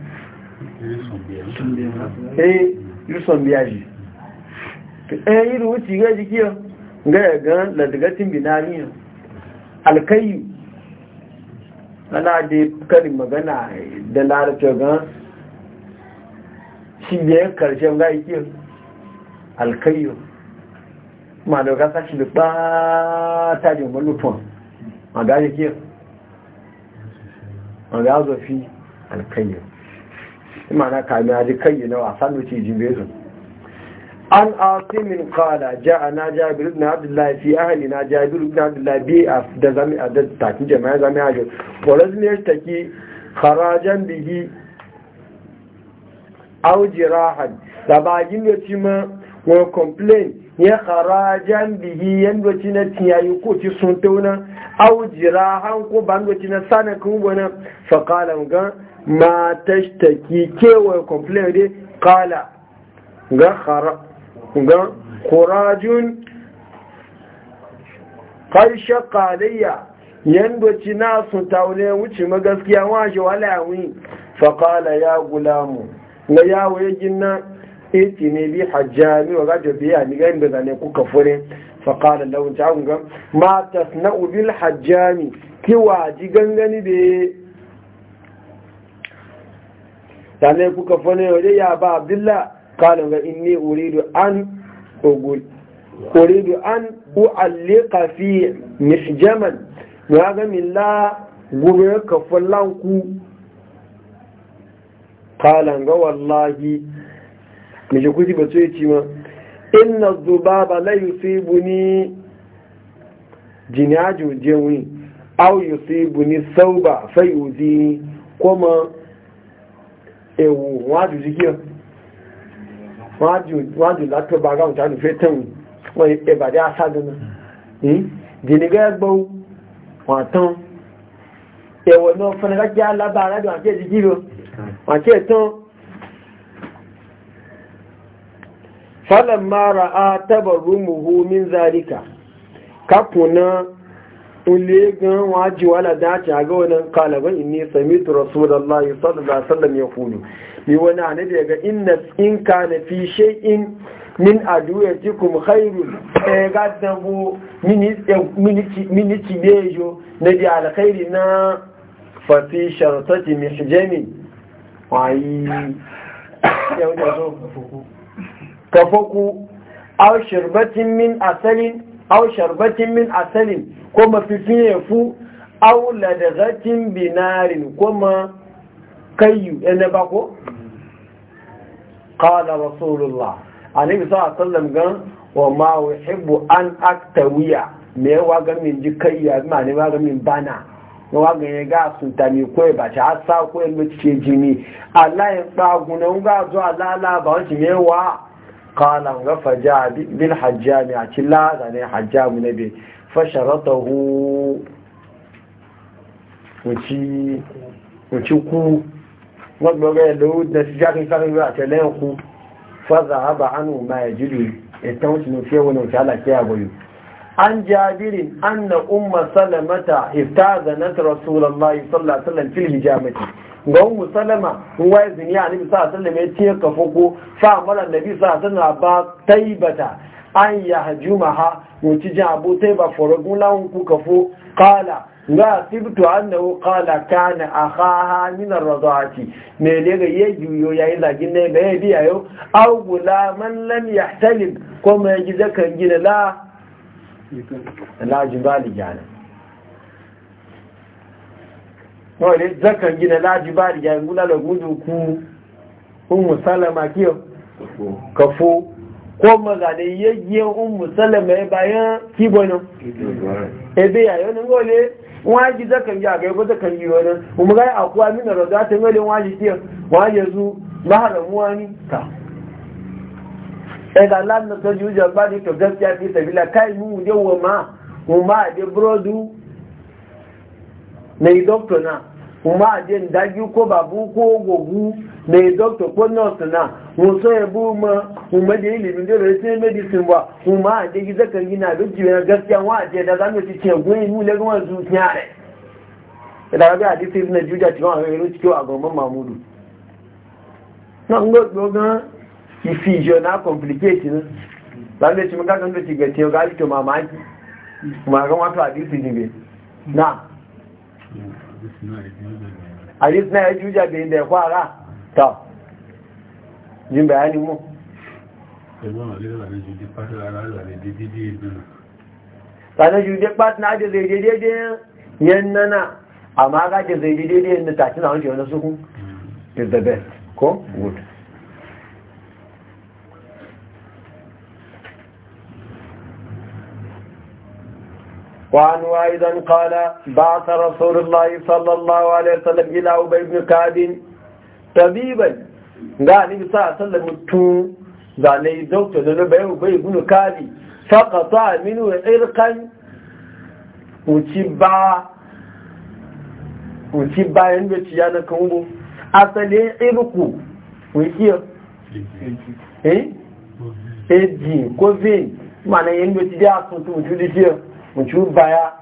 èyí rísọ̀n bí ayì ẹ̀yìn irú ti rẹ̀ jí kí ọ gẹ́ẹ̀gán lẹ́dẹ̀gẹ́tìn bí náà ríyàn alkayu ana dai karin magana da larabci gan shi biyan karshen ga ikiyar alkayu ma da kasa shi da ba ta jin manufan a gajikiyar an ya zo fi alkayya ima na kami ji kayya na wa da ce jibezu an asimin kala ja a na jabiru na abdullahi fi ahali na jabiru na abdullahi bi a da zami a da takin jama'a zami a jiri waras ne ta ki harajen bihi aujirahan da ba bagin da ci ma wani complain ya kharajan bihi yando na tiyayi ko ci sun tauna jira? jirahan ko bando na sana kun bona fa ga ma tashtaki kewa complain dai kala ga khara ga kalayya kai shaqaliya na sun taune wuce magaskiya wa shi wala wi fa qala ya gulamu na yawo ya ginna iti ne bi hajjami wa gajo biya ni gani da zane kuka fure faƙala lawan ta hunga ma ta sna'u hajjami ki waji gangani da zane kuka fure wajen ya ba abdullah kala ga inni uridu an ogul uridu an u'allika fi mishjaman ya ga la gube kafin lanku wallahi mai shi kuti ba su ci ma inna zuba ba la yusibu ni jinaju jewi au yusibu ni uzi kuma ewu jikiya ba ga wani ebade e jiniga egbo watan ewu falon mara a tabarrumuhu min zarika kafuna ulegan waji wala dace a ga wannan kalaban inni samitu rasulullah sallallahu da wasallam ya kulu ni wani ya ga inna in na fi shay'in min aduyatikum khairun e eh, gadabu mini eh, miniki cibejo na di alkhairi na fa fi shartati mihjami wa yi yau da zo kafaku aw sharbatin min asalin aw sharbatin min asalin ko mafifin yafu aw ladghatin binarin ko ma kayyu yana ba ko qala rasulullah annabi sallallahu alaihi wasallam gan wa ma uhibbu an aktawiya me wa ga min ji kayya ma ne wa ga min bana wa ga ya ga sun ta mi ko ba ta sa ko mu ce jini Allah ya tsagu na ga zo Allah la ba wani me wa kana ga faja a bin hajjami a cikin lazanin hajjami na bin fasharata hu wuci ku wadda ga yadda wuce da su jakin karin yau a talayin ku faza haba an ma ya jiri ita wuce ne fiye wani wuce halakki ya bayu an jabirin an na umar salamata iftaza na rasulallah sallallahu alaihi wasallam fil ga umu salama in waye zin ya annabi sa sallam ya ce ka ko fa mara annabi sa sallam ba taibata an ya wuci ji abu taiba forogun lawun ku kafo kala ga sibtu annahu qala kana akhaha min ar-radati me ne ga yajuyo yayi zagin ne ga yabi yayo aw gulaman lam yahtalim kuma yaji zakan gina la la jibali jana wọ́n lè zakan gina láti bá ìjà ìgbúlá lọ́gbúdù kú umu salama kíọ kafo ko magana yayye umu salama ya bayan kibono ebe yayo nan gole wọ́n ji zakan ya ga yabo zakan yi wani ta gole wọ́n ji tiyan wọ́n ya zu maharamu ka ẹgbà lánàá tó ju ìjọba ní tó gaskiya fi sabila kai mu yawon ma mu ma de na yi na ụmụ je ndaju ko babu ko na yi doctor ko na mun ebe ụmụ bu ma kuma je ilimin da bai sai medicine ba kuma je gi ụmụ gina da jiya gaskiya wa je da ụmụ ci na juja a a mamudu na ji dogan ifi na complication zamu ci mun ga kan da ci ga ce hadis na ya juja da inda ya kwara ta jin bayani mu ranar jude pat na ajiye zai daidai yan nana amma ga ke zai daidai yan da tafi na wajen wani sukun is the best ko good وعن وايضا قال بعث رسول الله صلى الله عليه وسلم إلى أبي بن كعب طبيبا قال النبي صلى الله عليه وسلم تو زاني دكتور لبي أبي بن كعب فقطع منه عرقا وتبع وتبع ينبتي أنا كنبو أصلي عرقو ويكير إيه؟ Eji, ko vein, mana yin mutu da sun tu mutu da mutu baya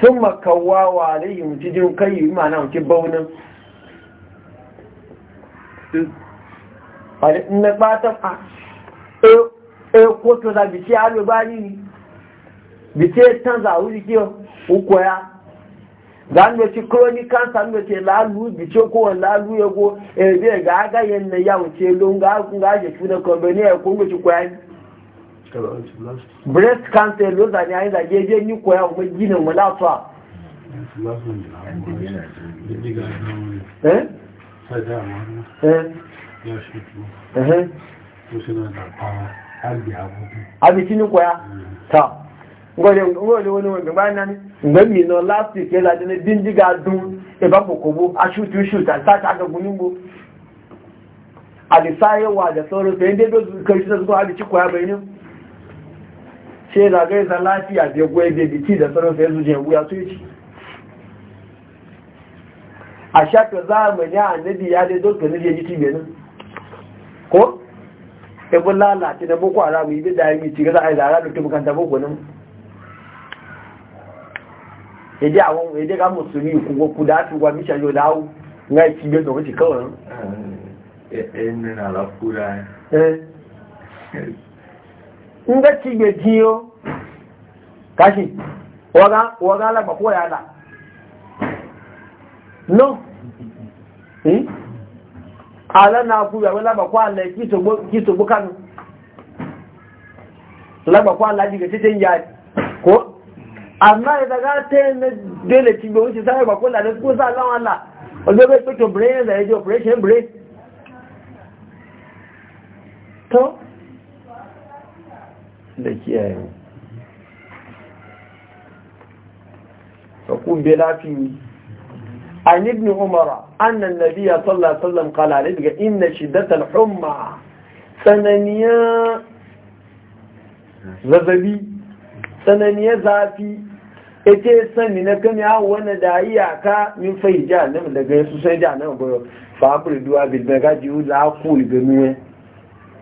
sun makawa wa alayhi mutu jin kai yi mana mutu baunin na batan a ekoto e, da bice alo bani bice tan za wuri ke ukoya zanwe ci chronic cancer nwe ce lalu bice ko lalu yego ebe ga aga yen na yawo ce lo ga je funa ko bene ko nwe ci koyani breast cancer ló zà ní àyíká jẹjẹ ní kọ́ ẹ̀wọ̀n pé jí nìwọ̀n látọ̀ à. àbí tí ní kọ́ ya ta ngọ́ọ̀lẹ́ wọn ni wọ́n gbẹ̀gbẹ́ náà ní gbẹ̀mí iná láti ìkẹ́lá jẹ́ díndígà dún ìbápòkòbó aṣútú ṣùtà sáàtà àgbẹ̀gbẹ̀ nígbò su àdẹ̀sọ́rọ̀ tẹ́ndẹ́gbẹ̀ kẹrìsìtà tó kọ́ àdìsíkọ̀ ya bẹ̀rẹ̀ ce zagaye zan lafiya bai goyi bai biki da tsaron sai zuje wuya su yi a shaka zamani a nabi ya dai dokta ne ji tibe nan ko ebo lalace na boko arabu yi bai da yi ci gaza a yi zara da tubukanta boko nan èdè àwọn èdè ká mùsùlùmí ìkúgbò kú dáa ti wà bí ṣàyọ̀ dáa ní ẹ̀kí gbé tọ̀wọ́ ti kọ́ nga ci jiyo kashi waga waga la gbako ya da no eh ala na ku ya wala gbako ala ki to gbo ki kanu la gbako ala ji ke tete ya ko amma ya ga te ne dele ci wuce sai gbako la ne ku sa la wala o gbe pe to brain da e operation brain to da kiyaye fakun bi lafin an ibn umara nan nabiya sallallahu sallam kalare daga inna shiddatar umma tsananiyar zafi ita yi sani na kan yawon wani da yi aka min nan daga yasu sai jana gwayo fa'abir duwa bilbaga jihu za a kuli ganuwe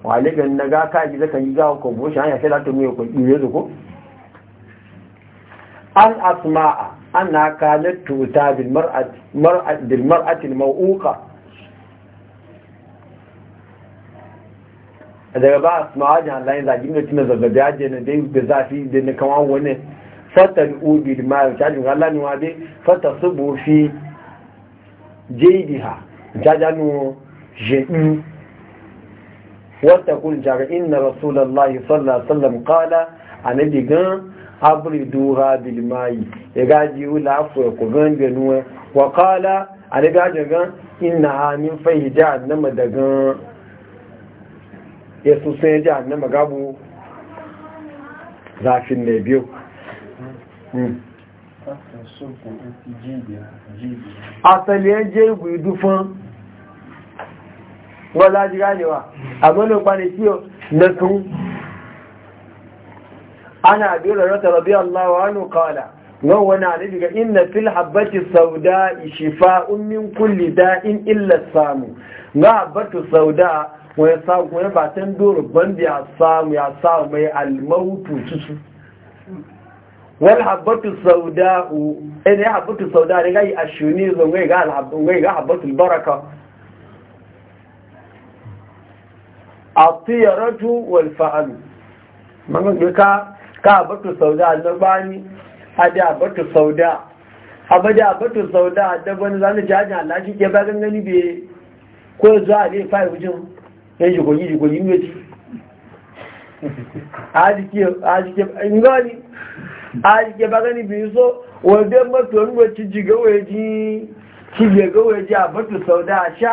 wale na ga kaji zaka yi gawa ko bo shi an ya sai lati mu ko yi zuko an asma'a anna kanat tuta bil mar'ati mar'at bil mar'ati al mawuqa daga ba asma'a jan Allah ya zagi mutum da zaga da je ne dai da zafi da ne kaman wani fatal ubi bil ma'a ta jin Allah ne wa dai fatasubu fi jaydiha jajanu je'in wata kunjar inna rasulallah sallallahu alaihi wasallam qala anabi gan abri duha bil mai gaji ula afu e gan genu e wa qala ale gaji gan inna ha min fayi jahannama da gan yesu sai jahannama gabu zafin ne biyu asali yan ko za ji ganewa amma ne kwanaki na tun ana biyu da rata rabi Allah wa hannu kawala yau wani alibi ga inna fil habbati sauda shifa min kulli in illa samu ga habbatu sauda wani samu kuma ba san doro da ya samu ya samu mai almautu susu wal habbatu sauda ne habbatu sauda ne ga yi ashuni zo ga habbatu baraka atiyaratu wal fa'alu man ka ka batu sauda na bani ada batu sauda abada batu sauda da ban zan jaji Allah shi ke bagan gani be ko zuwa ne fa wujin yayi ko yi ko yi ne ci aji ke aji ke ngani aji ke bagan ni bi so wanda mato nwa ci jiga waje ci jiga waje abatu sauda sha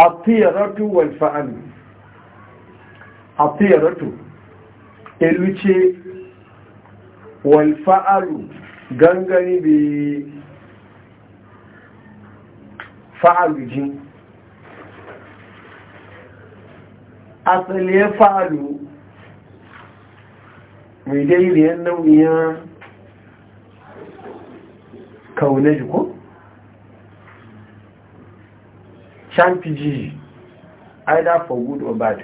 atiyaratu wal fa'alu atiyaratu eluce wal fa'alu gangani bi fa'alu jin asali ya fa'alu mai daidai nau'iya kaunaji ko? shampiji either for good or bad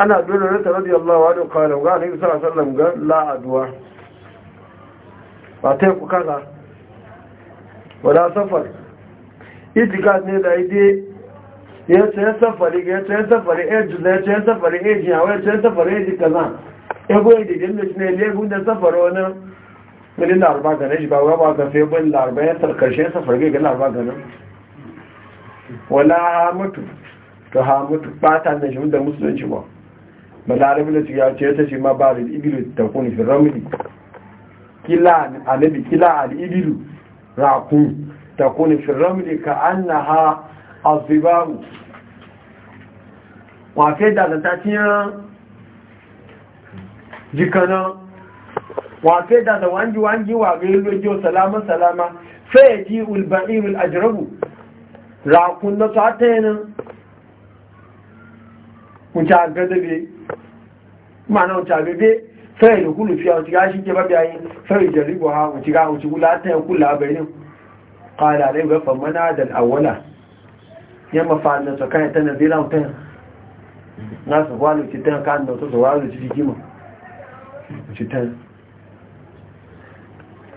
ana dole rata radiyallahu anhu qala wa annabi sallallahu alaihi wasallam ga la adwa ta ku kaza wala safar itikad ne da ide ya ce ya safari ga ya ce safari eh juda ya ce safari eh jiya ya ce ya safari ji kaza ya goyi da dinne ne le gunda safaro na milin da arba ga ne shi ba wa ba ga fe ban larba ya tarkashe safar ga larba ga ne wala hamutu to hamutu bata ne shi da musulunci ba malarabi da ya ce ta shi ma ba da ibilu ta kuni fi ramli kila anabi kila al-ibilu rakun ta kuni fi ramli ka annaha azibaru wa fe da ta tiya jikana wa fe da da wanji wanji wa gari lojo salama salama fa yaji ulba'irul ajrabu rakun na sata yanin wuce a gadabe mana wuce a bebe fẹ́rẹ̀ ìlú kúlù fi àwọn ti gáṣí jẹ bábí ayé fẹ́rẹ̀ ìjẹ̀rí bọ̀ ha wuce ga wuce kula ta yankú labarin kala da ibe famana da awala ya mafa na tsakanin ta nazira mutum na su kwalu ci ta kan da su kwalu ci jikima ci ta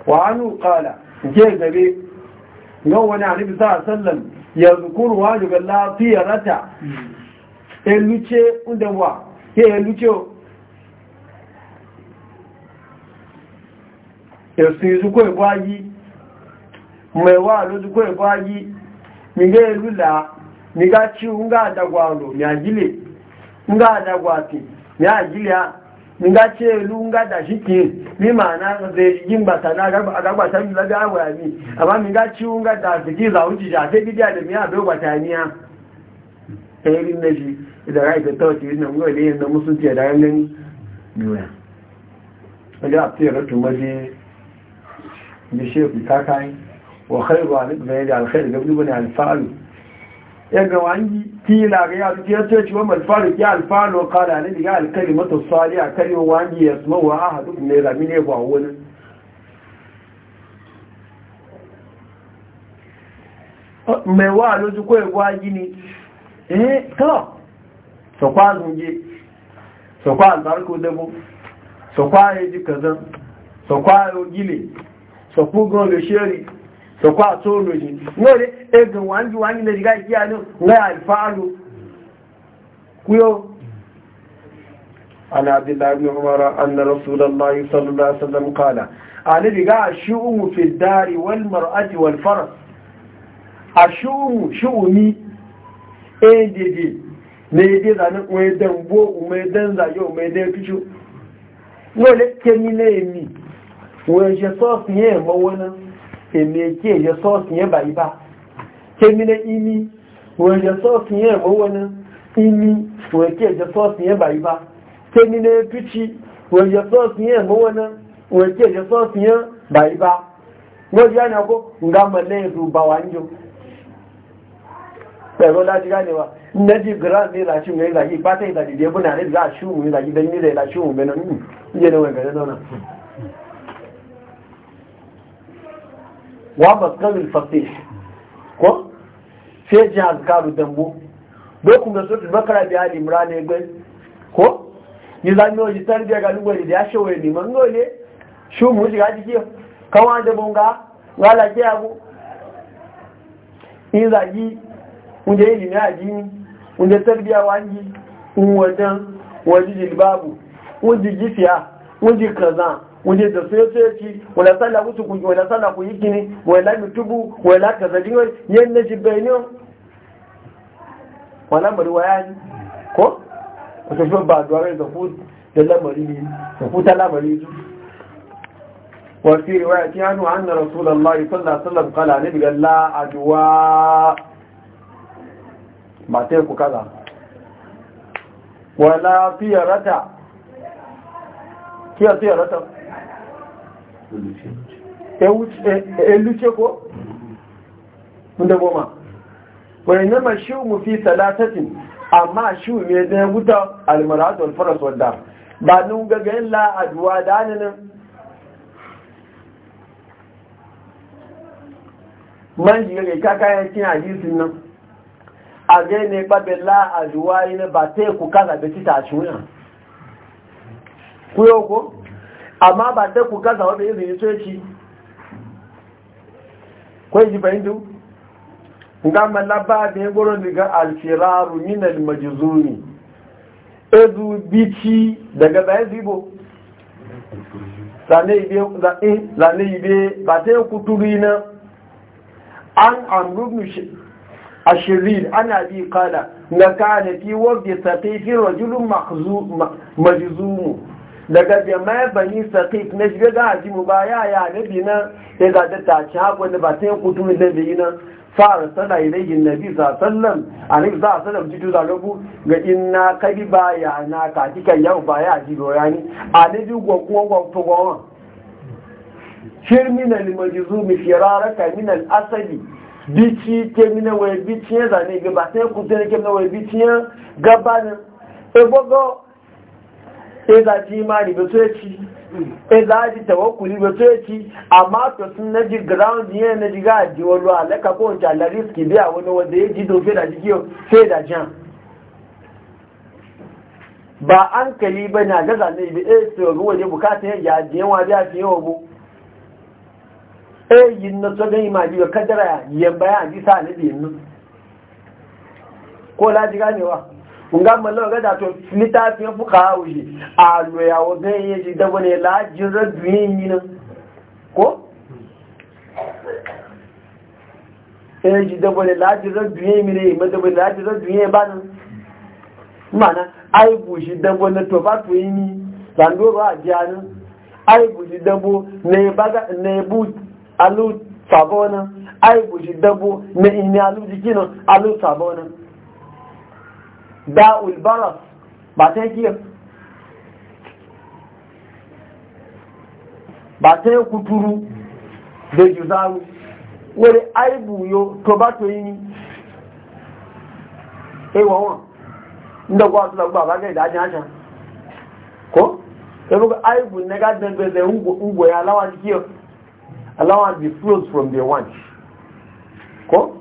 wa hannu kala je gabe yau wani a alibi sa sallan yadhkuru hmm. wa daga lafiyarata eluce unda wa ke eluce esizu ko ebayi mewa lozu ko ebayi nige elula niga chi unga adagwalo ni ajile unga adagwati ni a. nga ce lunga da shike mi ma'ana zai yin ba sana agagba ta mi laga awa mi e amma mi ga ci lunga da ziki za wuce ja sai gidiya da mi abu ba ta sai irin na shi da rai da tawaci irin mu gole yin musu ce da ranar miya ga a fiye ratun waje da shekwi kakai wa khairu alif zai da alkhairu gabni ne alfa'alu yaga wangi fila ga ya ce ce ce wa malfaru ya alfano kala ne daga alkalimatu a kalmar wangi ya zama a ahadu ne rami ne ba wani mai wa lójú kó ẹ̀wọ́ ayé ni eh tọ́ sọ̀kwá àzúnjẹ sọ̀kwá àzárkó dẹ́bọ́ sọ̀kwá ẹjú kazan sọ̀kwá yau gile, gan lè ṣe rí da kwa tsoro ne. yore egan wani wani da shiga iya ne na alfaru kuyo an abdullahi ibn umara anna rasulullahi sallallahu alaihi wasallam qala ali diga shu'umu fi dari wal mar'ati wal faras ashu'umu shu'umi edede ne de da nan wai dan bo umai dan za yo mai dan kichu yole kemi ne mi wai shi sof ne mo wannan kèmí kí èyẹ sọ́ọ̀sì yẹn bàyí bá kèmí ní imi wọ́n èyẹ sọ́ọ̀sì yẹn mọ́wọ́ ní imi wọ́n kí èyẹ sọ́ọ̀sì yẹn bàyí bá kèmí ní píchí wọ́n èyẹ sọ́ọ̀sì yẹn wọ́n kí èyẹ sọ́ọ̀sì yẹn bá wọ́n yá ọkọ́ nga mọ̀lẹ́ ìlú bá wà ń pẹ̀lú láti rá ni wa nẹ́jì grand ní ìlàṣù mi ìlàyí pátẹ́ ìlàdìdì ẹbùn mi bẹ́ẹ̀ ìlàṣù mi bẹ́ẹ̀ náà ń ní wọ́n wa maskalin fasih ko sai jin azkaru dambo dokun da sotu makara biya limra ne gbe ko ni za mi oji tarbiya ga lugwari da ya ne? liman gole shi mu shiga jiki kawa da bunga wala ke abu in zagi wunde yi ne a jini wunde tarbiya wangi in wajen wajen jilbabu wajen jifiya wajen kazan wunde da su yato yaci wala sala wuce kungi wala sala ku yi kini wala mitubu wala kaza dingo yen na bai ne wala mari waya ni ko ko shi ba duware da ku da lamari ne da ku ta lamari su wa fi riwayati anhu anna rasulullahi sallallahu alaihi wasallam qala nabi la adwa ba ta ku kaza wala fiyarata kiyar rata eluce ko? wanda goma wani nama shi mu fi talatatin amma shi ne zai wuta almaratu alfaras wadda ba nun yin la'aduwa da hannunan man shi gagayen kakayen cin hadisin nan a zai ne babin la'aduwa yi na ba ta yi kuka zaɓe cita a shi wuyan ku yau ko? amma ba da ku kasa wata izini coci kwai ji fahimtu ga malaba da ya goro daga alfiraru minal majizuni ezu bici daga zai zibo zane ibe ba ta yi kuturi na an a ashirin ana bi kada na kane fi wadda ta fi rajulun mu. daga jama'a bani saqiq na shiga ga haji mu ba ya ya nabi na ya ga da ta ci hago da ba ta yi kutu da yi na fara sana ilayhi nabi sallam ni za sallam jitu a rabu ga inna kadi ba ya na ka kika yau ba ya ji A goyani alaji go kuma go to go shirmina limajzumi firaraka min al-asali bici ke mina wai biciya zane ga ba ta yi ne ke mina wai biciya gabanin ebogo sai za ci imani ba sai ci sai za ji tawakkuli ba sai ci amma to sun na ji ground ne na ji ga ji wani alaka ko wani ala riski biya wani wanda ya ji dofe da jiki sai da jan ba an kali ba na gaza ne bi eh to ruwa ne bukata ya ya ji yawa biya fi yawa bu eh yin na so gani ma ji kadara yan baya ji sa ne bi ko la ji ganewa nga malo ga da to litafin fuka hauji a loya wa ganye ji da wani lajin rabiyin yi nan ko? sai ji da wani lajin rabiyin yi ne ma da wani lajin rabiyin ba nan mana aibu shi da wani to ba to yi ni zando ba a jiya nan aibu shi dabo na bu alu sabona aibu shi dabo na ini alu jikinan alu sabona da'ul baras ba ta yi ba ta yi kuturu da juzaru wani aibu yo to ba to yi ni ba ko? ebe ku aibu na gadon bebe ugbo ya alawa jikiyo alawa be flows from the one ko?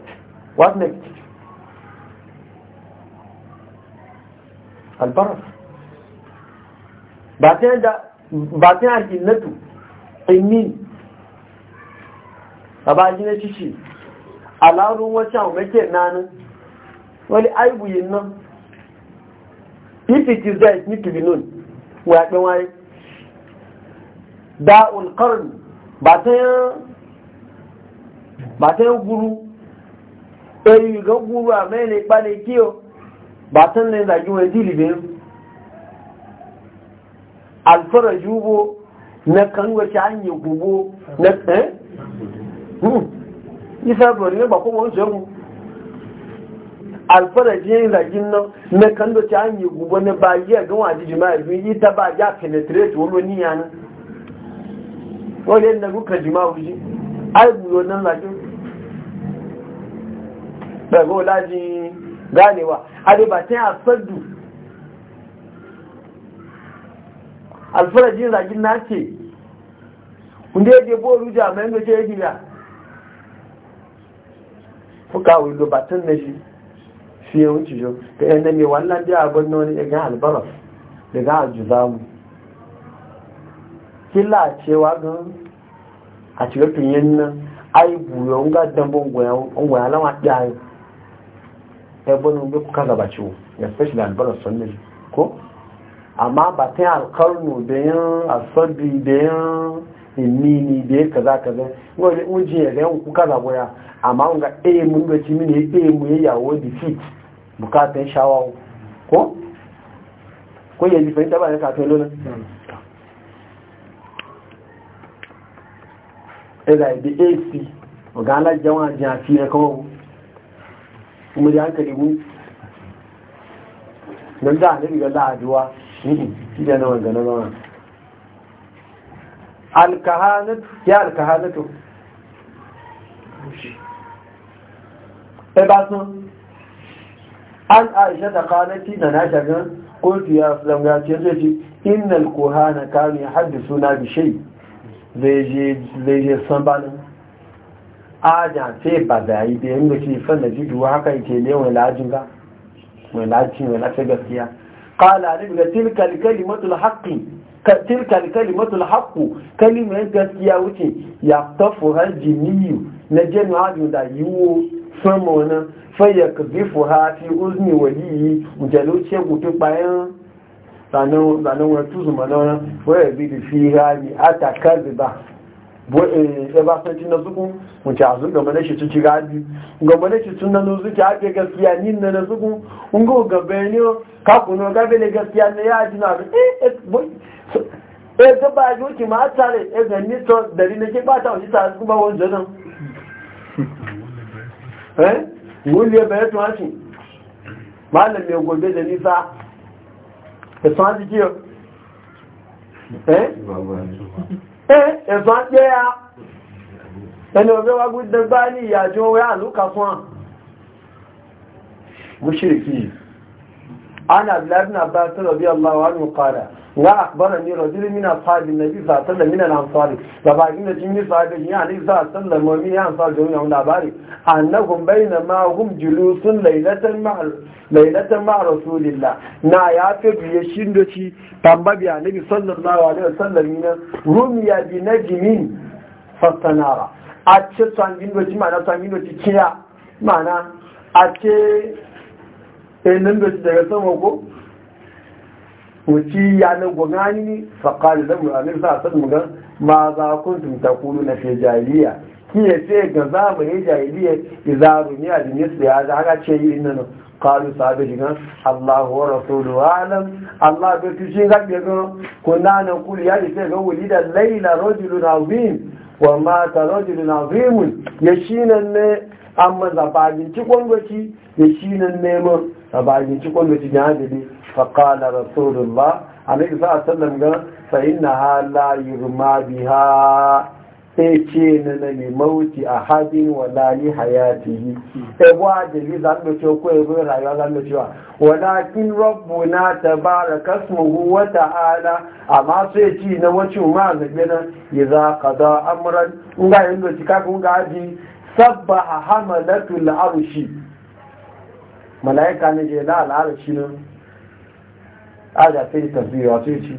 what next? albaras ba ta yadda ba ta a baji na cici a larun wacan wake nanin wani aibuyin nan if it is there it waƙin waye da'ul karni ba ta yadda guru ɗari ga guru a mai ne ɓane kiyo ba san ne zagi wani dilibin alfara jubo na kanwa shi hanyar gubo na eh hmm. isa bari ne ba kuma wani jaru alfara jiyan zagin nan na kanwa shi hanyar gubo na ba yi a gawa jiji ma yi yi ita ba ya penetrate wani ni yana wani yadda kuka jima wuji ai buyo nan zagin ɗago lajin ganewa abu ba ta yi asaddu alfarajin zagin na ce kunde ya debo ruja mai yanzu ya gida fuka wilo batun na shi shi ya wuce shi ta yadda mai wannan biya abin na wani yagan albaras daga ajuzamu kila cewa gan a cikin yin nan ai buyon gadon bongoya lawa ɗaya ebonin duk kaza ba ciwo especially albarar sunnil ko amma ba ta yi alkarnu da yin asabi da yin imini da yin kaza kaza wani unji ya ga yanku kaza goya amma wanga ɗaya eh mun da ci mini ɗaya eh mu ya yawo defeat bukatan shawawo ko ko ya ji fahimta ba ya kafin lona ɗaya da ibi ac ga ala jama'a jiya kawo kuma da hankali mu don da annabi ga za a juwa shi da nawa ga nawa alkahanatu ya alkahanatu ẹba tún an aisha da kwanaki da na shagan kotu ya zanga ce zai ce innal kohana kanu ya haddisa na bishai zai je san banin aja sai ba da yi da yanda ke fan da jidu haka yake ne wani lajin ga wani lajin wani lajin gaskiya qala ali bi tilka al kalimatu al haqqi tilka al kalimatu al haqqu gaskiya wuce yaqtafu hal jinniyu na jinnu hadu da yiwo sama wani fayyar kazifu ha fi uzni waliyi mujalo ce gutu bayan zanen wani na mana wani wani bi da fi a ata kazi ba Eh, eh, ba sarki na zuku wuce a zuga mana shi cikin gadi ga mana shi tun nan zuki ake gaskiya ni na na zuku un ga gaba ne ka kuno gabe ne gaskiya na ya ji na eh eh boy eh ba yo ki ma tare eh ga ni to dari ne ke ba ta wuce ta zuku ba wanda nan eh mulle ba to hashi malam mai gobe da nisa ya san ji eh Eh, ẹ̀sán jẹ́ ya ẹni ọ̀fẹ́ wá gúdẹgbá ní ìyàjọ́ wẹ́ àlúkà fún mú ṣe عن عبد بن عباس رضي الله عنه قال واخبرني رجل من اصحاب النبي صلى الله عليه وسلم من الانصار فبعدين جميع صحابه يعني صلى الله عليه وسلم ومن الانصار جميع من الاباري انهم بينما هم جلوس ليله مع ليله مع رسول الله نا يافي بيشين دوشي تنببي النبي صلى الله عليه وسلم من رمي بنجم فاستنار a ce tsangin doci ma'ana tsangin doci kiya ma'ana a nan da su daga sama ko wuci ya na gwangani ne faƙali da mulamin sa san muga ma za kuntum na fi jahiliya kiyaye ce ga zamani jahiliya izaru ne a ya da haka ce yi nan قالوا صحابه جنا الله ورسوله عالم الله بتشين قد يقول كنا نقول يا لسه ولد الليل رجل عظيم ومات رجل عظيم يشين أما زبادين تكون shi nan neman. فبعد يقول له جهاد فقال رسول الله عليه الصلاة والسلام قال فإنها لا يرمى بها ece na na limauti a hadin wala hayati. hayatihi ewa da li za ce ko ebe rayuwa za mu cewa walakin rabbuna tabaraka smuhu wa ta'ala amma sai ci na wacin ma zabe nan idza qada amran in ga yin da gaji hamalatul mala'ika ne je la al'ada shi nan aja sai tasbiya wato masu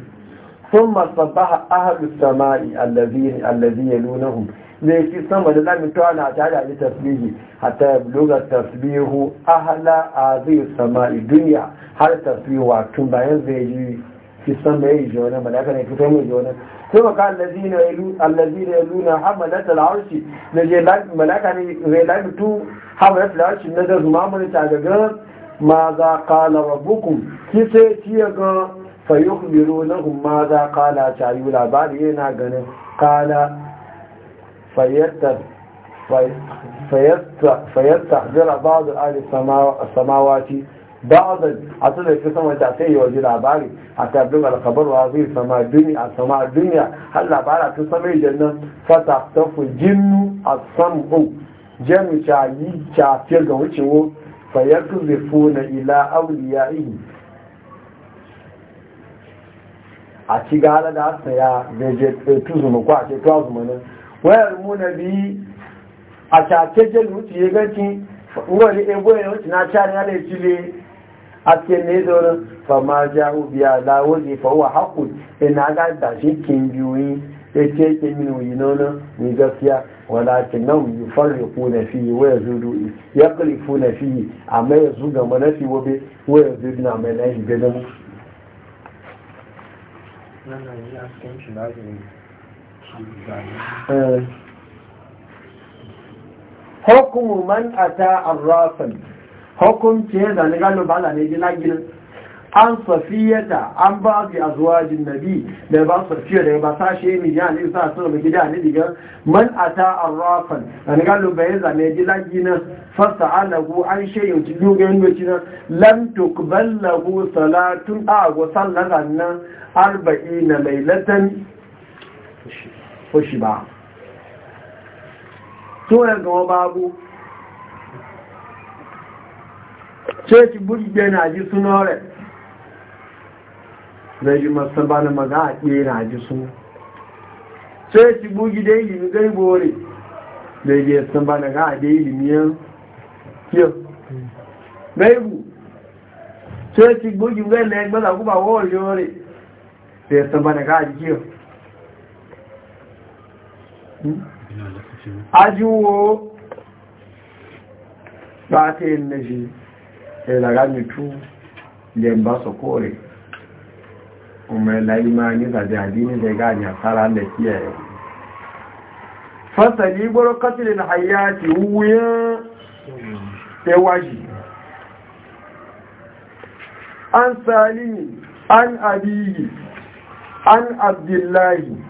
thumma a ahadu samai allazi allazi hu ne shi sama da lamin to na ta da ni tasbihi hatta bloga tasbihu a zai samai duniya har tasbihu wa tun bayan zai yi shi sama yi jona mala'ika ne fito yi jona kuma ka allazina ya nuna hamadatul arshi na jelani malaka ne hamadatul arshi na da zuma mana tagagar ma za kala rabukum ki sai ya ga fayuk biro na hun ma za kala ta yi labari yana ganin kala fayatta fayatta fayatta zira ba da alisamawa bazan a suna fi sama ta sai yawanci labari a tabbin alkabar wa zai sama duniya a sama duniya har labara sun sama yi janna fata ta fi jinnu a san bu jami ca yi ca ga wucewo fayyarku zai funa ila auliya ihi a ci gala da asa ya ko a ce tuzumi ne wayar mu na bi a ca ce wuce ya gaci wani wuce na ca ne ya da ya cile ake ne zorin fama jahu biya lawo ne fa wa haƙun ina ga da shi kin biyoyi ya ce ke min wuyi nona ni gaskiya walakin nan yi farri ku na fi waya zudu ya kalifu na fi a mai zu ga na fi wabe waya zudu na mai na shi gadon eh. hukumu man ata arrafin hukuncin da na gano ba ne jina ginin an safiyata an ba su a zuwa jinnabi da ba su safiya da ba sa shi ne ya ne sa su mai gida ne diga man a ta arrafan an galo bai zame jina ginin fasta alahu an shayin ci duga yin doki na lantuk tukbal lahu salatun a go sallan nan arba'i na latan fushi ba to gama babu sai ki burge na ji suna rai zai ji masu bane maza a ɗe na ji suna sai ki bugi da ilimi gari bore zai ji sun bane ga a ɗe ilimi yan kiyo gaibu sai ki bugi zai na gbada kuma wawar yore zai sun bane ga a ji kiyo hmm? ajiwo ba ta yin na shi sai daga mitu da su kore umar laimani da jadini zai gani a tsara da kiyaye fasa libar katilin hayati wuyan tewaji an salimi an abiyi an abdullahi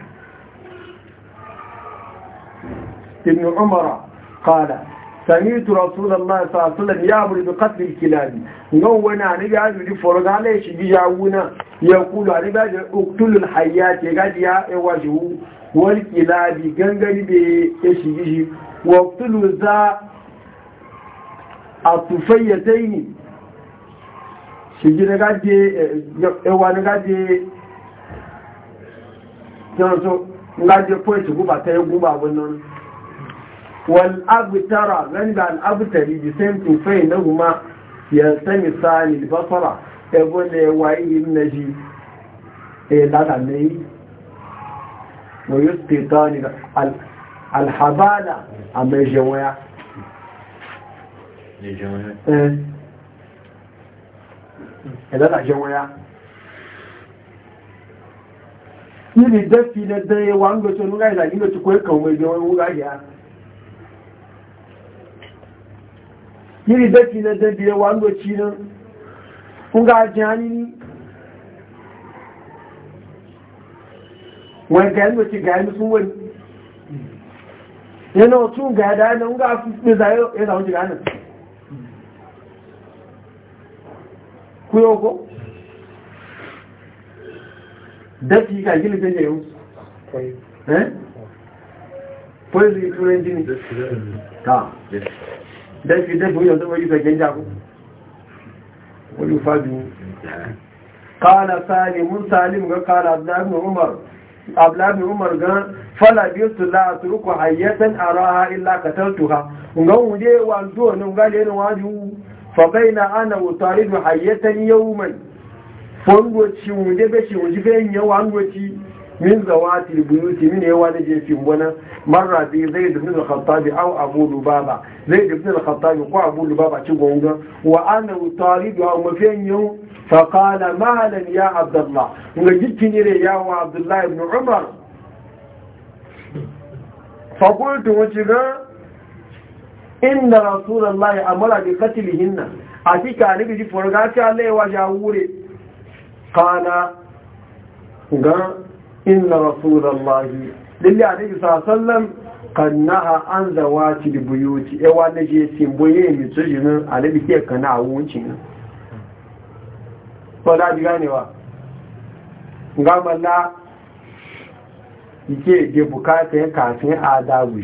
ibn umara kada sami'tu rasulullah sallallahu alaihi wasallam ya amri bi wana ni ga ji forgale shi a yawuna ya kulu ani ba ji uktul alhayat ya ga ya wajhu wal kilabi gangari be ya shi wa uktul za atufayataini shi ji ga ji ya wani ga ji tanzo ga ji poetu ku wannan من غنب الأبتر بسم تفينهما ينسمسان البصرة يقول وعي النجي لا تعني ويسقطان الحبالة أما الجوايا الجوايا لا لا جوايا ni da fi na dai wango to nuga ila ni to ko kan wai da wani wuga ya yiri beti na dabi ya wando ci nan kun ga jani ni wani ga yadda ci ga yadda sun wani yana otu ga yadda yadda kun ga asu ne zaye ya zaun jira ku yau ko dẹ́fi dẹ́fi oúnjẹ tó wọ́n ìfẹ̀gẹ́ ìjàkú olùfàájú kààlà sáàlì mún sáàlì ga kààlà abúláàbí umar gan su ruku hayyatan araha illa katartuha ga wuje wa zuwa nun gale ni waju fa baina ana utaridu hayyatan yawman ci wuje be shi wuje be yawa ngoci min zawati buyuti min yawa da je cin bona marra bi zaid ibn al-khattab aw abu lubaba zaid ibn al-khattab ko abu lubaba ci gonga wa ana talibu aw mafiyanyu fa qala malan ya abdullah ga jikin ne ya wa abdullah ibn umar fa qultu wa jiga inna rasulullahi amara bi qatlihinna a kika ni bi forga ta lewa ja wure qala ga inna rasulallahi lalle a nabi sallam kan naha an zawa ci da buyoci yawa na je sin boye mi tsujinin a nabi ke kana a wuncin ko da ji ganewa ga malla yake da bukata ya kafin a dabu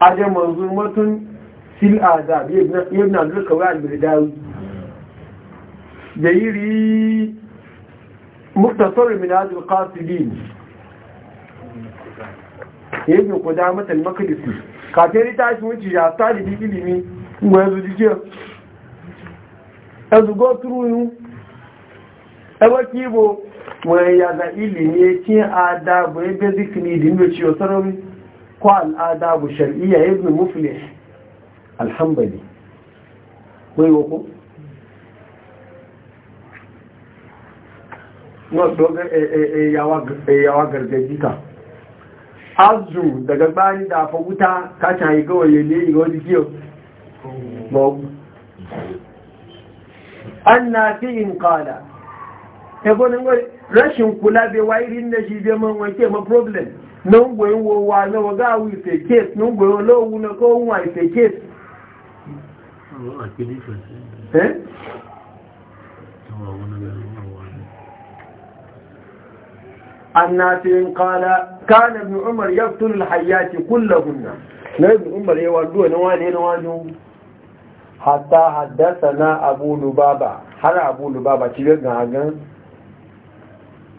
a da manzu mutum sil adab ibn abdul kawai جيري مختصر من هذا القاصدين ابن قدامة المقدسي كاتيري تاش وانتي جاستالي دي كلمي وانزو دي جير انزو قوترونو ẹwọ́ kí ibò wọ́n yàzà ilì ní etí àdáàbò ẹgbẹ́ zikini ìdínú ẹ̀kí ọ̀sánàrí kọ́ àdáàbò ṣàríyà ibn muflih alhambali yawa gargaji ta azu daga bani da fa wuta ka cayi gawaye ne ga wani kiyo an na fi in kada ebonin rashin kula bai wairin na shi bai man wake ma problem nan goyin wowa na waga wi fe case nan goyin lowu na kowun wa fe case annafi qala kana ibn umar yaqtul alhayat kullahunna na ibn umar yawa duwa na wani na wani hatta na abu lubaba har abu lubaba ci ga gan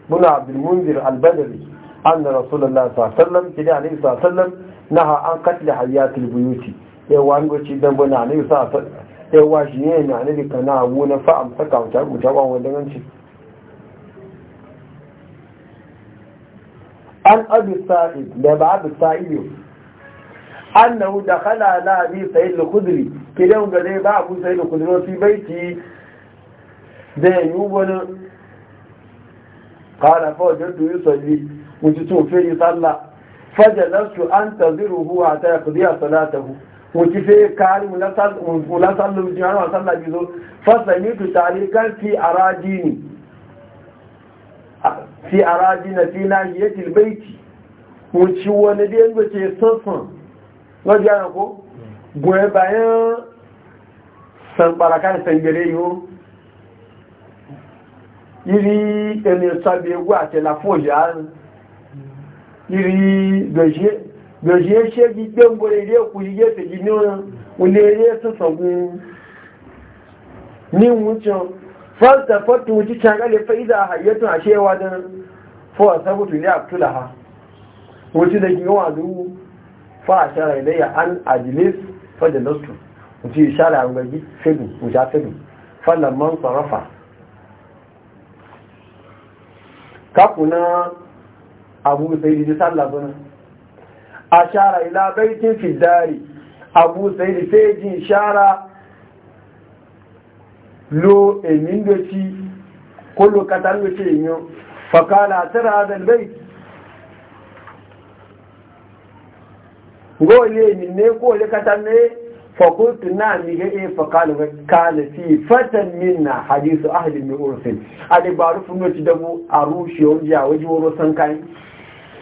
muna abdul munzir al-badri anna rasulullah sallallahu alaihi wasallam kida alaihi wasallam naha an qatl hayatil buyuti yawa an dan bana ne na ne an abu sa'id da ba abu sa'id annahu dakhala ala abi sa'id al-khudri kidan ga dai ba abu sa'id al-khudri fi baiti da yubana qala fa jaddu yusalli mutu tun fi ta fajalastu antaziruhu hatta yaqdi salatahu mutu fi kari mulasal mulasal jama'a sallah bizo fasamitu tarikan fi aradini fi arajina fi nahiyatil baiti mo ci wani dai ngo ce sansan ngo jana ko goye bayan san baraka san gere yo iri ene sabe wu ate la foja iri doje doje se gi dembo ere ku yi te gi ni ona o gun ni won falsafatu wuce cangale fa'iza a hayyatu a shewa don fowar sabutu ne a tulaha wuce da gina wazu fa'a shara ilayya an ajilis fadda nastu wuce shara a gaji fedu wuce fedu fallan man sarrafa kakuna abu sai jiji sallabuna a shara ila baitin fidari abu sai ji shara lo emin da ci kullu katan da ce yin fakala tara da bai go ne min ne ko le katan ne fakultu na mi ga e fakala ga kala fi fatan minna hadisu ahli min ursin ade ba rufu no ci dabu arushi on ja waji woro san kai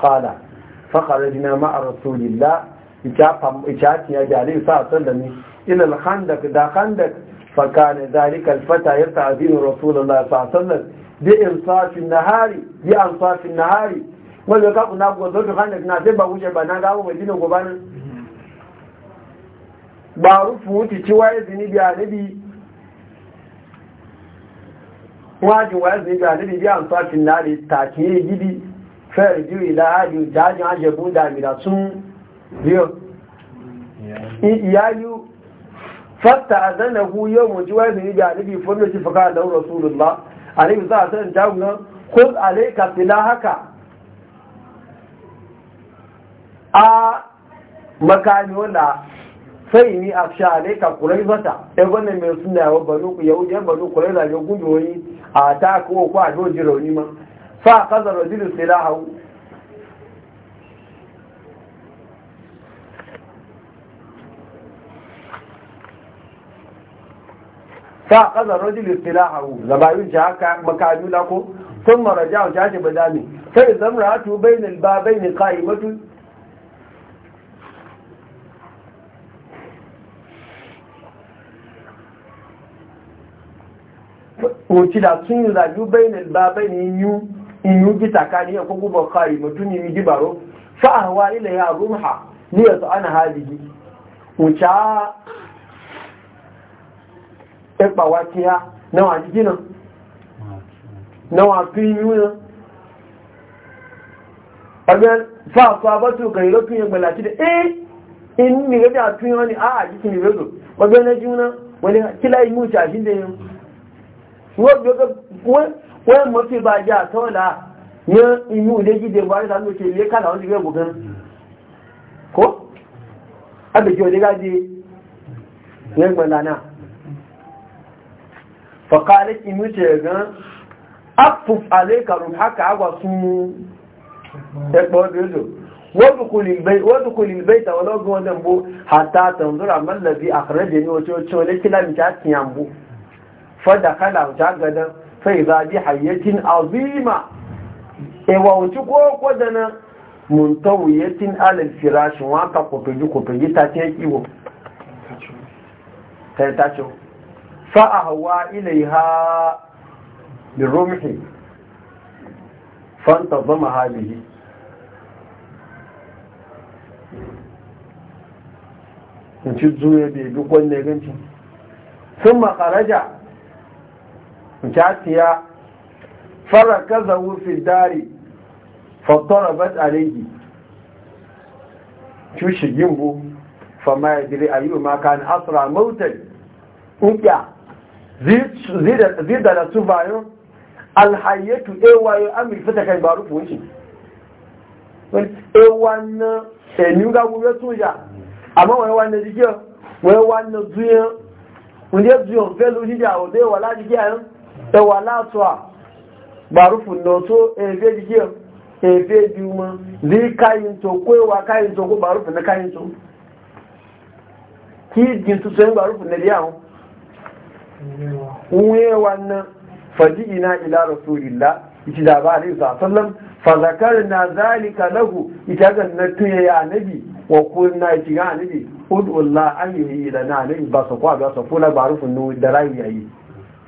kala fakharajna ma'a rasulillah ita ita ya jali sa sallami ila al-khandaq da khandaq فكان ذلك الفتى يستعذين رسول الله صلى الله عليه وسلم بإنصاف النهار بأنصاف النهار wanda ka kuna ko zo kan na wuce ba na ga mu madina gobanin ba rufu wuce ci waye zini bi anabi waje waye zini bi anabi bi an sa tin nare ta da iyayu fatta azanahu yau mu ji wani ne da alibi fulmi shi faka da rasulullah alibi za a san ta gunan kun alaika haka a makamiyola sai ni a sha alaika kurai zata ya gwanin mai suna yawa banu ku yau jan banu kurai da ya wani a ta kowa kwa a dojin rauni ma fa a kazar rajulu silahahu fa kaza rajulu silahu zabayu jaka makanu lako sun maraja ja ta badami sai zamratu bainal babain qaimatun wuci da sun yi zaju bainal babain yu yu gitakani ko gubo qaimatun yi dibaro fa ahwa ila ya rumha ni yasu ana hadiji wuca ẹ̀pà Na kí á na? àjíjí náà náà àfi irú náà ọgbẹ́ fáàfáà bọ́tù kẹrì ló pín ẹgbẹ̀lá kí ẹ́ inú mi rẹ̀ bí àfihàn ni a àjíjí mi rẹ̀ lò ọgbẹ́ náà jú náà wọ́n ni kí láì mú ìṣàṣílẹ̀ yẹn wọ́n mọ́ sí bá jẹ́ àtọ́ọ̀lá yẹn inú ilé jíde buhari sáré ṣe ilé kàlà wọn ti gan ko? kó abèjì ka di ẹgbẹ̀lá náà faƙarar imuce gan afuf alaikaru haka agwa sun ẹgbọ́ ọdọ́dọ́ wọ́n kò lè bẹ́ta ọlọ́gbọ́n ọdún bó hàtà tàndúrà mọ́lẹ̀bí àkàrẹ́dẹ̀ ní oṣù oṣù olékílámìtà ti yàn bó fọ́dàkálà ọ̀jágadan fẹ́ìzàbí hayyatin azima ẹwà òtú kókó dana muntawiyatin alẹ́fìrashin wọn kà kòtòjú ta fa'ahawa ilaiha da rumhi fanta zama halihi in ci zuwa da duk wanne ganci sun makaraja in catiya faraka zaun fi dari fattara bat alegi cushi gimbo fama ya dire ayyuma kan asra mautai ƙunƙya zai da na su bayan alhayyatu an amir fita kai ba rufu shi ewan na sami ga gube tuja amma wai wannan jike wai wannan zuyen wunde zuyen felu jija a wade wala jike yan ewala tuwa ba rufu na so efe jike efe juma zai kayin to kwewa kayin to ko ba rufu na kayin to ki jinsu sun ba rufu na biya hau uwe wannan faji ina ila rasulillah ita da ba alaihi sallam fa zakarna zalika lahu ita ga na tuye ya nabi wa kunna ita ga nabi udullah an yi da na nabi ba su kwa ba su kula ba rufin nu da rayi yayi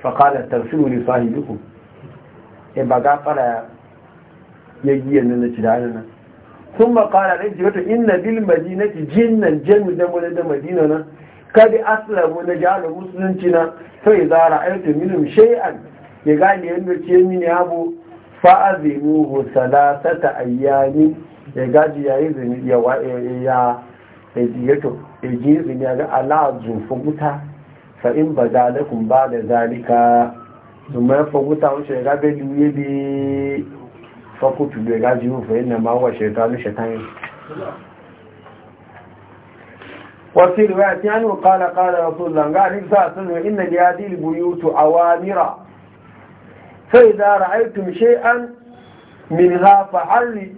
fa qala tafsiru li sahibikum e ba ga fara ya giyan na ci da nan sun makara da wata inna bil madinati jinnan jannu da mu da madina nan kadi aslamu na jihar musulunci na to idza ra'aytum minhum shay'an ya gane yanda ce mini abu fa'azimuhu salasata ayyami ya gaji yayi zini ya wa ya ejiyato eji zini ga ala zufu guta fa in badalakum ba'da zalika zuma fa guta wuce ya gabe duye bi fa kutu ya gaji fa inna ma wa shaytanu shaytan وفي رواية عنه قال قال رسول الله قال إن إبساسنه إن لهذه البيوت أوامر فإذا رأيتم شيئا منها فحل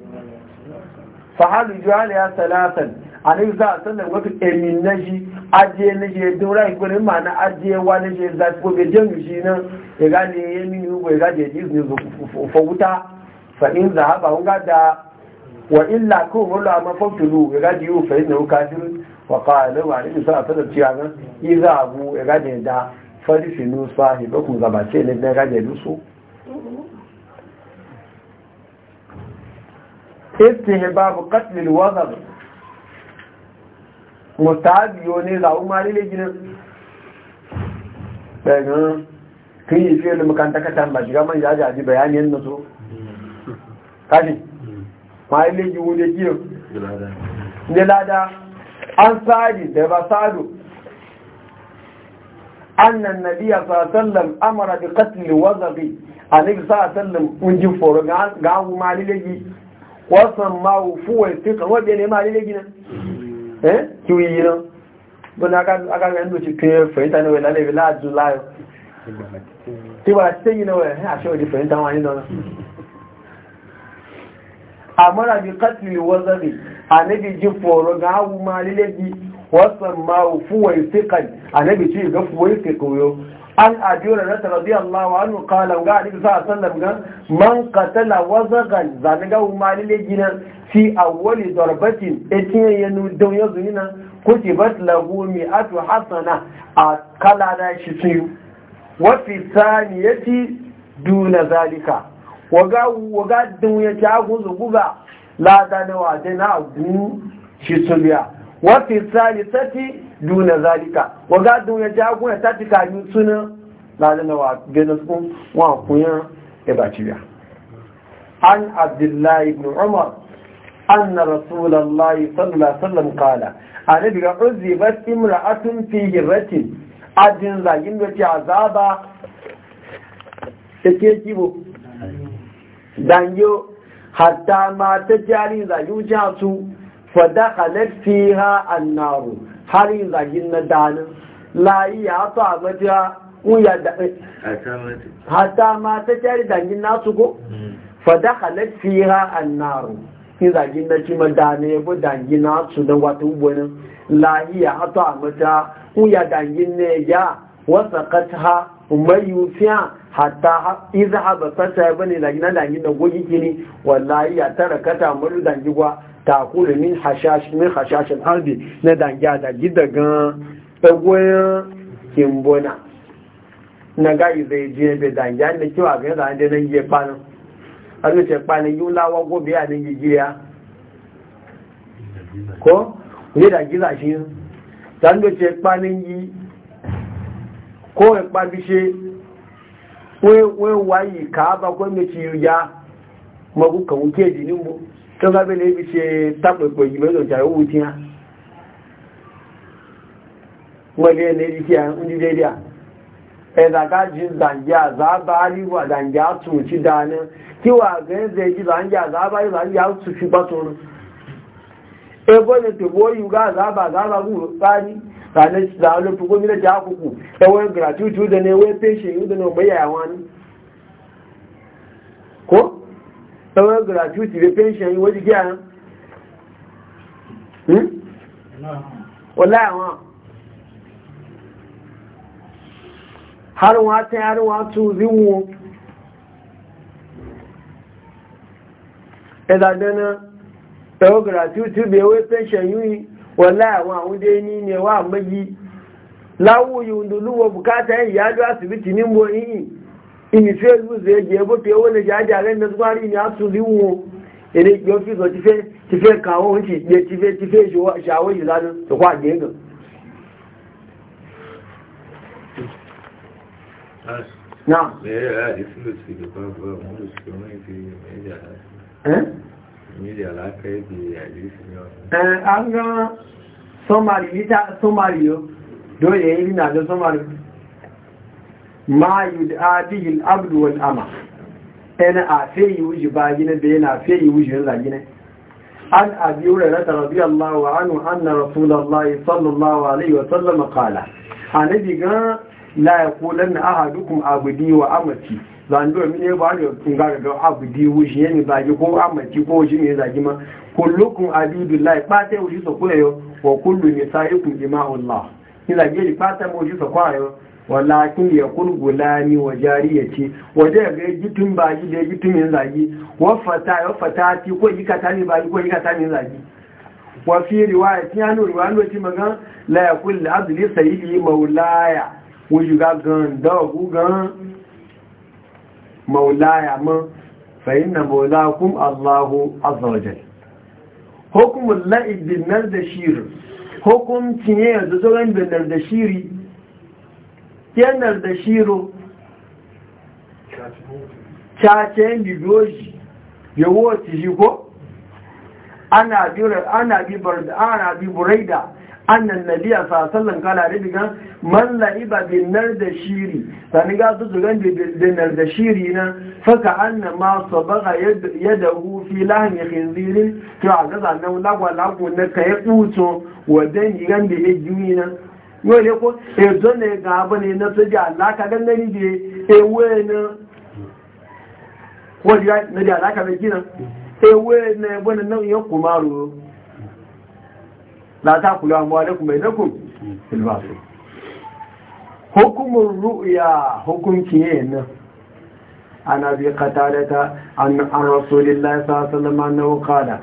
فحل جعلها ثلاثا عن إن والسلام وقت أمين نجي أجي نجي دورا يقول إما أنا أجي ونجي ذات بوجي جنجينا يقال لي يمين هو يقال لي جيزني فوتا فإن ذهب هو قد وإلا كون ولا ما فوتلو غادي يوفينه كافر وقال له عليه الصلاة والسلام تيانا إذا أبو غادي دا فلسنو صاحبكم زباتين ابن غادي يدوسو استهباب قتل الوضع مستعد يوني زعو مالي لجنة بيغان كي يفعل مكان تكتان باشي كما يجاجع دي بياني النسو كاشي máa ilé yìí wúlé jí o ní ládá ansáàdì dẹ̀bàsáàdù annan nabiya sallam amara bi katilin wazabi a sallam kunji foro ga ahu ma lile wasan ma fuwa istika wadda ne ma lile na eh kiwi yi na bọ́nà agágbẹ̀ ẹ̀ndò ti pín fẹ̀yìntà ní bi la láàájú láyọ̀ tí wà sí yìí náà ẹ̀ àṣẹ́ òdí fẹ̀yìntà wọn nínú amara bi katli wazari anabi ji foro ga mali malileji wasan ma'u fuwai sikan anabi ci ga fuwai sikoyo an abiyura na radiyallahu anhu qala ga anabi sa sallam ga man katala wazagan hau mali malileji na fi awwali darbatin etin yanu don yanzu nina kutibat mi atu hasana a kala da shi sun wafi saniyati duna zalika waga dun ya ci agun zugu ba lada na waje na agun shi suliya wafi tsari tati duna zalika waga dun ya ci agun ya tati suna lada na waje na sun wa e an abdullahi ibn umar أن رسول الله صلى الله عليه وسلم قال أنا بقى امرأة في هرة أدن عذابا danyo hatta ma ta jari zagi su fada halatta ha annaru har yin zagin na danin layi ya ta mata uya da hatta ma ta jari dangin nasu ko fada halatta ha annaru yin zagin na cima dane ya bu dangin nasu don wata ubonin layi ya ta mata uya dangin ne ya wasa kata mai yufiya hatta iza haba sata bane lagina lagina gogi kini wallahi ya tara kata mun dangigwa ta kula min hashash min hashash albi na dangiya da gidagan tsagoyan kimbona na gayi zai je be dangiya da kiwa ga zan da nan ye panu an ce panu yulawa gobe a nan gigiya ko ne da gila shi dan ce panu yi ko e pa bi wai kaaba ko me ci ya magu kan uke jinin mu to ga be ne bi ce tapo ko yi me do ja wu ti ha wale ne di ti an ndi de dia e da ga jin zanja za ba li wa zanja tu ci dana ki wa ga ze ji zanja za ba li zanja tu ci ba to e bo ne to bo yu ga za ba za ba gu ba ni ranar zanen ko gwamnati ya kuku yawon gratuity da ne wai feshe yi da nan bayyaya wani ko yawon gratuity da feshe yi wajen giya hmm? wala yawa har wata har wato zinwo ẹ̀dàdẹ́nà yawon gratuity da ya wai feshe yi wọ́lá àwọn àwúdé wa ní ẹwà méjì láwú wa bukata ìyájú àsìbìtì ní mọ̀ yìí ìní facebook ẹgbẹ̀ ẹgbẹ́ tí owó lè jáde ààrẹ mẹ́sùmárì ní àtúnlíwọ̀n èdè ìgbẹ́ ọ́fíìsì ti fẹ́ kàwọn ti gbé ti fẹ́ ti fẹ́ ṣàwọ́ yìí lánà tọ́kọ́ ya ẹ̀gàn náà Eh, an ga somali, lita somali yo, dole ya yi da somali. Ma yi da bihil abdu wal yi wuji da yana yi wuji An abi rarata rabi Allah wa anu anna sallallahu alaihi wa sallama kala. Anabi gan la ya kulan na aha dukun abudi wa amaci zanduwa mine ba da gara ga abudi wuce ne zagi ko amaci ko wuce ne zagi ma kullukun abidullahi fata wuce su kula yau wa kullu ne ima ima'ullah ni zagi ne fata wuce su kwa yau walakin ya kulgulani wa ce. waje ya ga gitun baki da gitun yin zagi wafata ya fata ti ko yi kata ne baki ko yi kata ne zagi wa fi riwaya tin hanu riwaya lokacin magan la yakul abdi sayyidi maulaya wujuga gan dagu gan maulaya man fa'in na maulakun allahu azawajal hukumun la'ib da shiri hukuncin ya yanzu zuwan bin da yan nardashiro cacen lidoji yawo ci shi ko ana bi buraida An annan nabiya sa sallan kala da bigan man la'iba da shiri. sani ga su zugan da shiri na faka an anna ma sabaga yada hu hufi lahan ya khinzirin to a gaza na lagwa lagwa na ka ya kuto wadan gigan da ya juyi na yau ne ko e zo ne ga abu ne na soja alaka gangani da ewe na e wajen na da alaka mai gina ewe na ebe na e nau'in ya kuma ruru la ta kula amwalakum bainakum bil batil hukumur ru'ya hukunci ne ana bi qatalata an an rasulillahi sallallahu alaihi wasallam annahu qala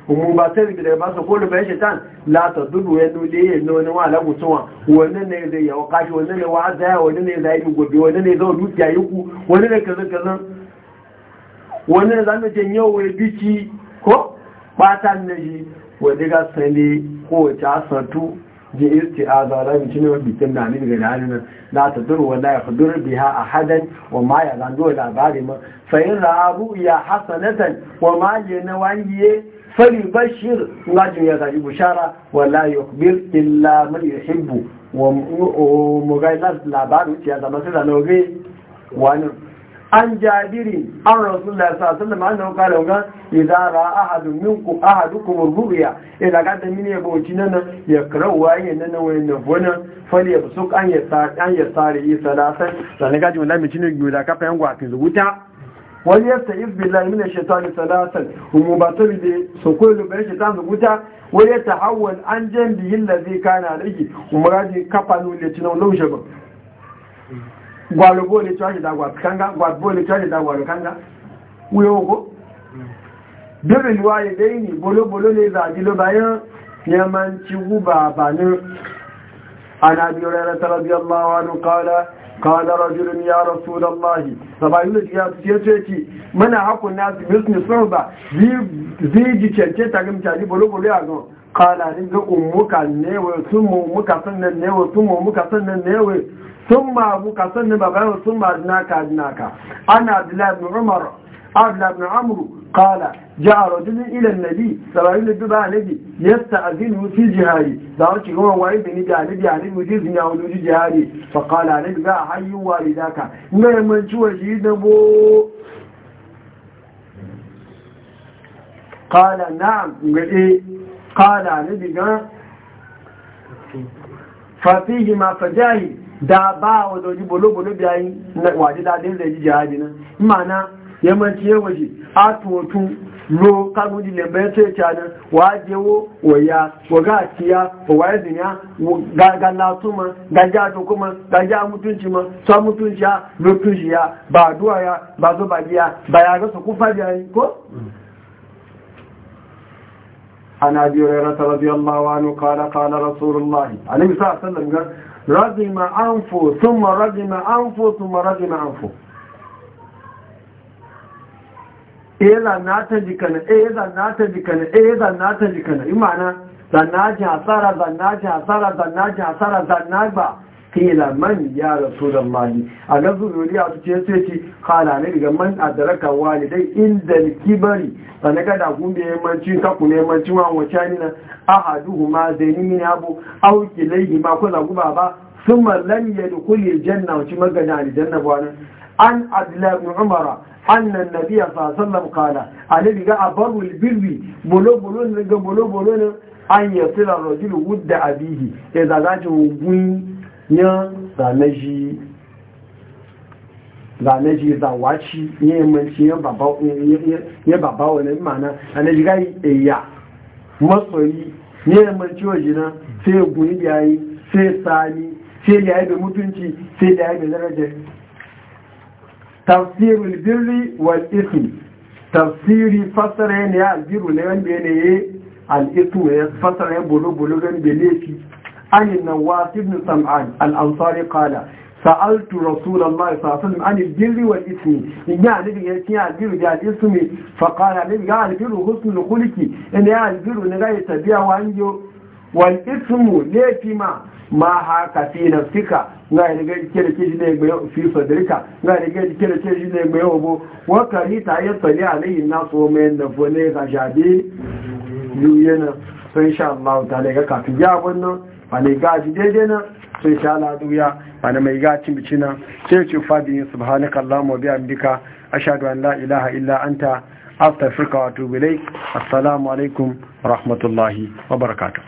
umu ba ta riga da ba su kullu bai shaitan la ta dudu ya dole ya no wani wa lagu suwa wannan ne zai yawa kashi wannan ne wa zaya wannan ne zai yi gobe wannan ne zai dukiya ku wannan ne kazan kazan wannan ne zamu je yau wai biki ko batan ne shi wani ga sani ko ta santu je isti'aza la mi cinye bikin da ni daga dalilin la ta duru wala ya biya a ahadan wa ma ya zando labari ma fa in ra'abu ya hasanatan wa ma je na wangiye falibashir na ya zaɓi bushara wala yi ɓir illa mai yashibu wa mugai labarin ciya zama sai zane oge wani an jabiri an rasu da yasa sun da ma'an da wuka da wuka izara ahadu minku ahadu kuma rubuya ina ga ta mini ya ci nana ya karauwa yin nana wani wani nabonin fali ya fi suk an ya tsari yi salasai sani gajin wani mai cini guda kafa yan gwafin zubuta wani yasta iz billahi min ash-shaytani salatan ta batali de sokolo bai shaytan da guta wani ya yasta hawan an jambi allazi kana alayhi umradi kafanu le tinan laushe ba gwalo bo le tsaje da gwa kanga gwa bo le tsaje da gwa kanga uyo go bebe liwa ye dai ni bolo bolo ne za dilo bayan yaman ci guba banin ana bi rayra radiyallahu anhu qala Kaana ra ya ra sunan mahi. Sabayi yi ne cikin k'i ye Muna hakun na su, min su ne sun ruba. Ziji, ta ganin cɛ, a yi bolo-bolo ya gan. Ka na ga umuka ne mai, sun ma umuka ne ne ne, sun ma ne ne ne, sun ma umuka su ne ne ne, ban Abdullahi, Abdullahi bin قال جاء رجل الى النبي صلى الله عليه وسلم يستأذنه في جهاري دعوت هو وعيد بن جانبي يعني وجيز من أولوج جهاري فقال عليك لا حي والداك ما يمنشو جيد نبو قال نعم قال عليك ففيه ما فجاهي da ba wa zoji bolo-bolo biyayi wajen dadin zai ji jihadi yamanci ya waje a tuwatu lo kanu di lemba ya ce ta nan wa jewo wa ya wa ga tiya wa waye dunya ga latuma ga ja to ma ga ja mutunci ma sa mutunci ya lo tunci ya ba duwa ya ba zo ba giya ba ya ga su ku fadi yi ko Ana mawa an abi rayra radiyallahu a qala qala a sallar sallallahu alaihi wasallam sun ma thumma radima sun ma radima anfu eh zanna ta jikana eh zanna ta jikana eh zanna ta jikana imana zanna ji hasara zanna ji hasara zanna ji hasara zanna ba kila man ya rasulullahi a ga zuriya su ce sai ce kala ne daga man adraka walidai inda kibari sannan kada kun bi yamanci ka ku yamanci wa wacani na ahaduhuma zaini min abu Auki kilayhi ma kula guba ba summa lam yadkhul aljanna wa ci magana aljanna ba nan an abdullahi ibn umara anna nabi sallallahu alaihi wasallam qala annabi ga abarul birri bolo bolo بلو بلو بلو bolo ne an yasila rajulu wudda abihi ya zaga ji gun ya zanaji zanaji zawaci ne mai ya baba ya baba wani mana annabi ga iya masoyi ne mai wa jina sai gun yayi sai sani sai yayi da mutunci sai yayi da daraja تفسير البر والإثم تفسير فصل يا البر لمن بين الإثم فصل بلو بلو لمن بين عن النواس بن سمعان الأنصاري قال سألت رسول الله صلى الله عليه وسلم عن البر والإثم إن نبي يا البر يا الإثم فقال نبي يا البر غصن لخلك إن يا البر نغاية بيا وأنجو والإثم ليتما ma haka fi nafsika nga riga ke da kiji ne gbe fi sadrika nga riga kike da kiji ne gbe obo wa karita ya tsali na nasu men da fone ka shabi na so insha Allah ta'ala ga ka fi ya wannan wani gaji daidai na sai sha laduya wani mai gacin bicina sai ce fadi subhanaka allahumma bi amdika ashhadu an la ilaha illa anta astaghfiruka wa atubu ilaik assalamu alaikum rahmatullahi wa barakatuh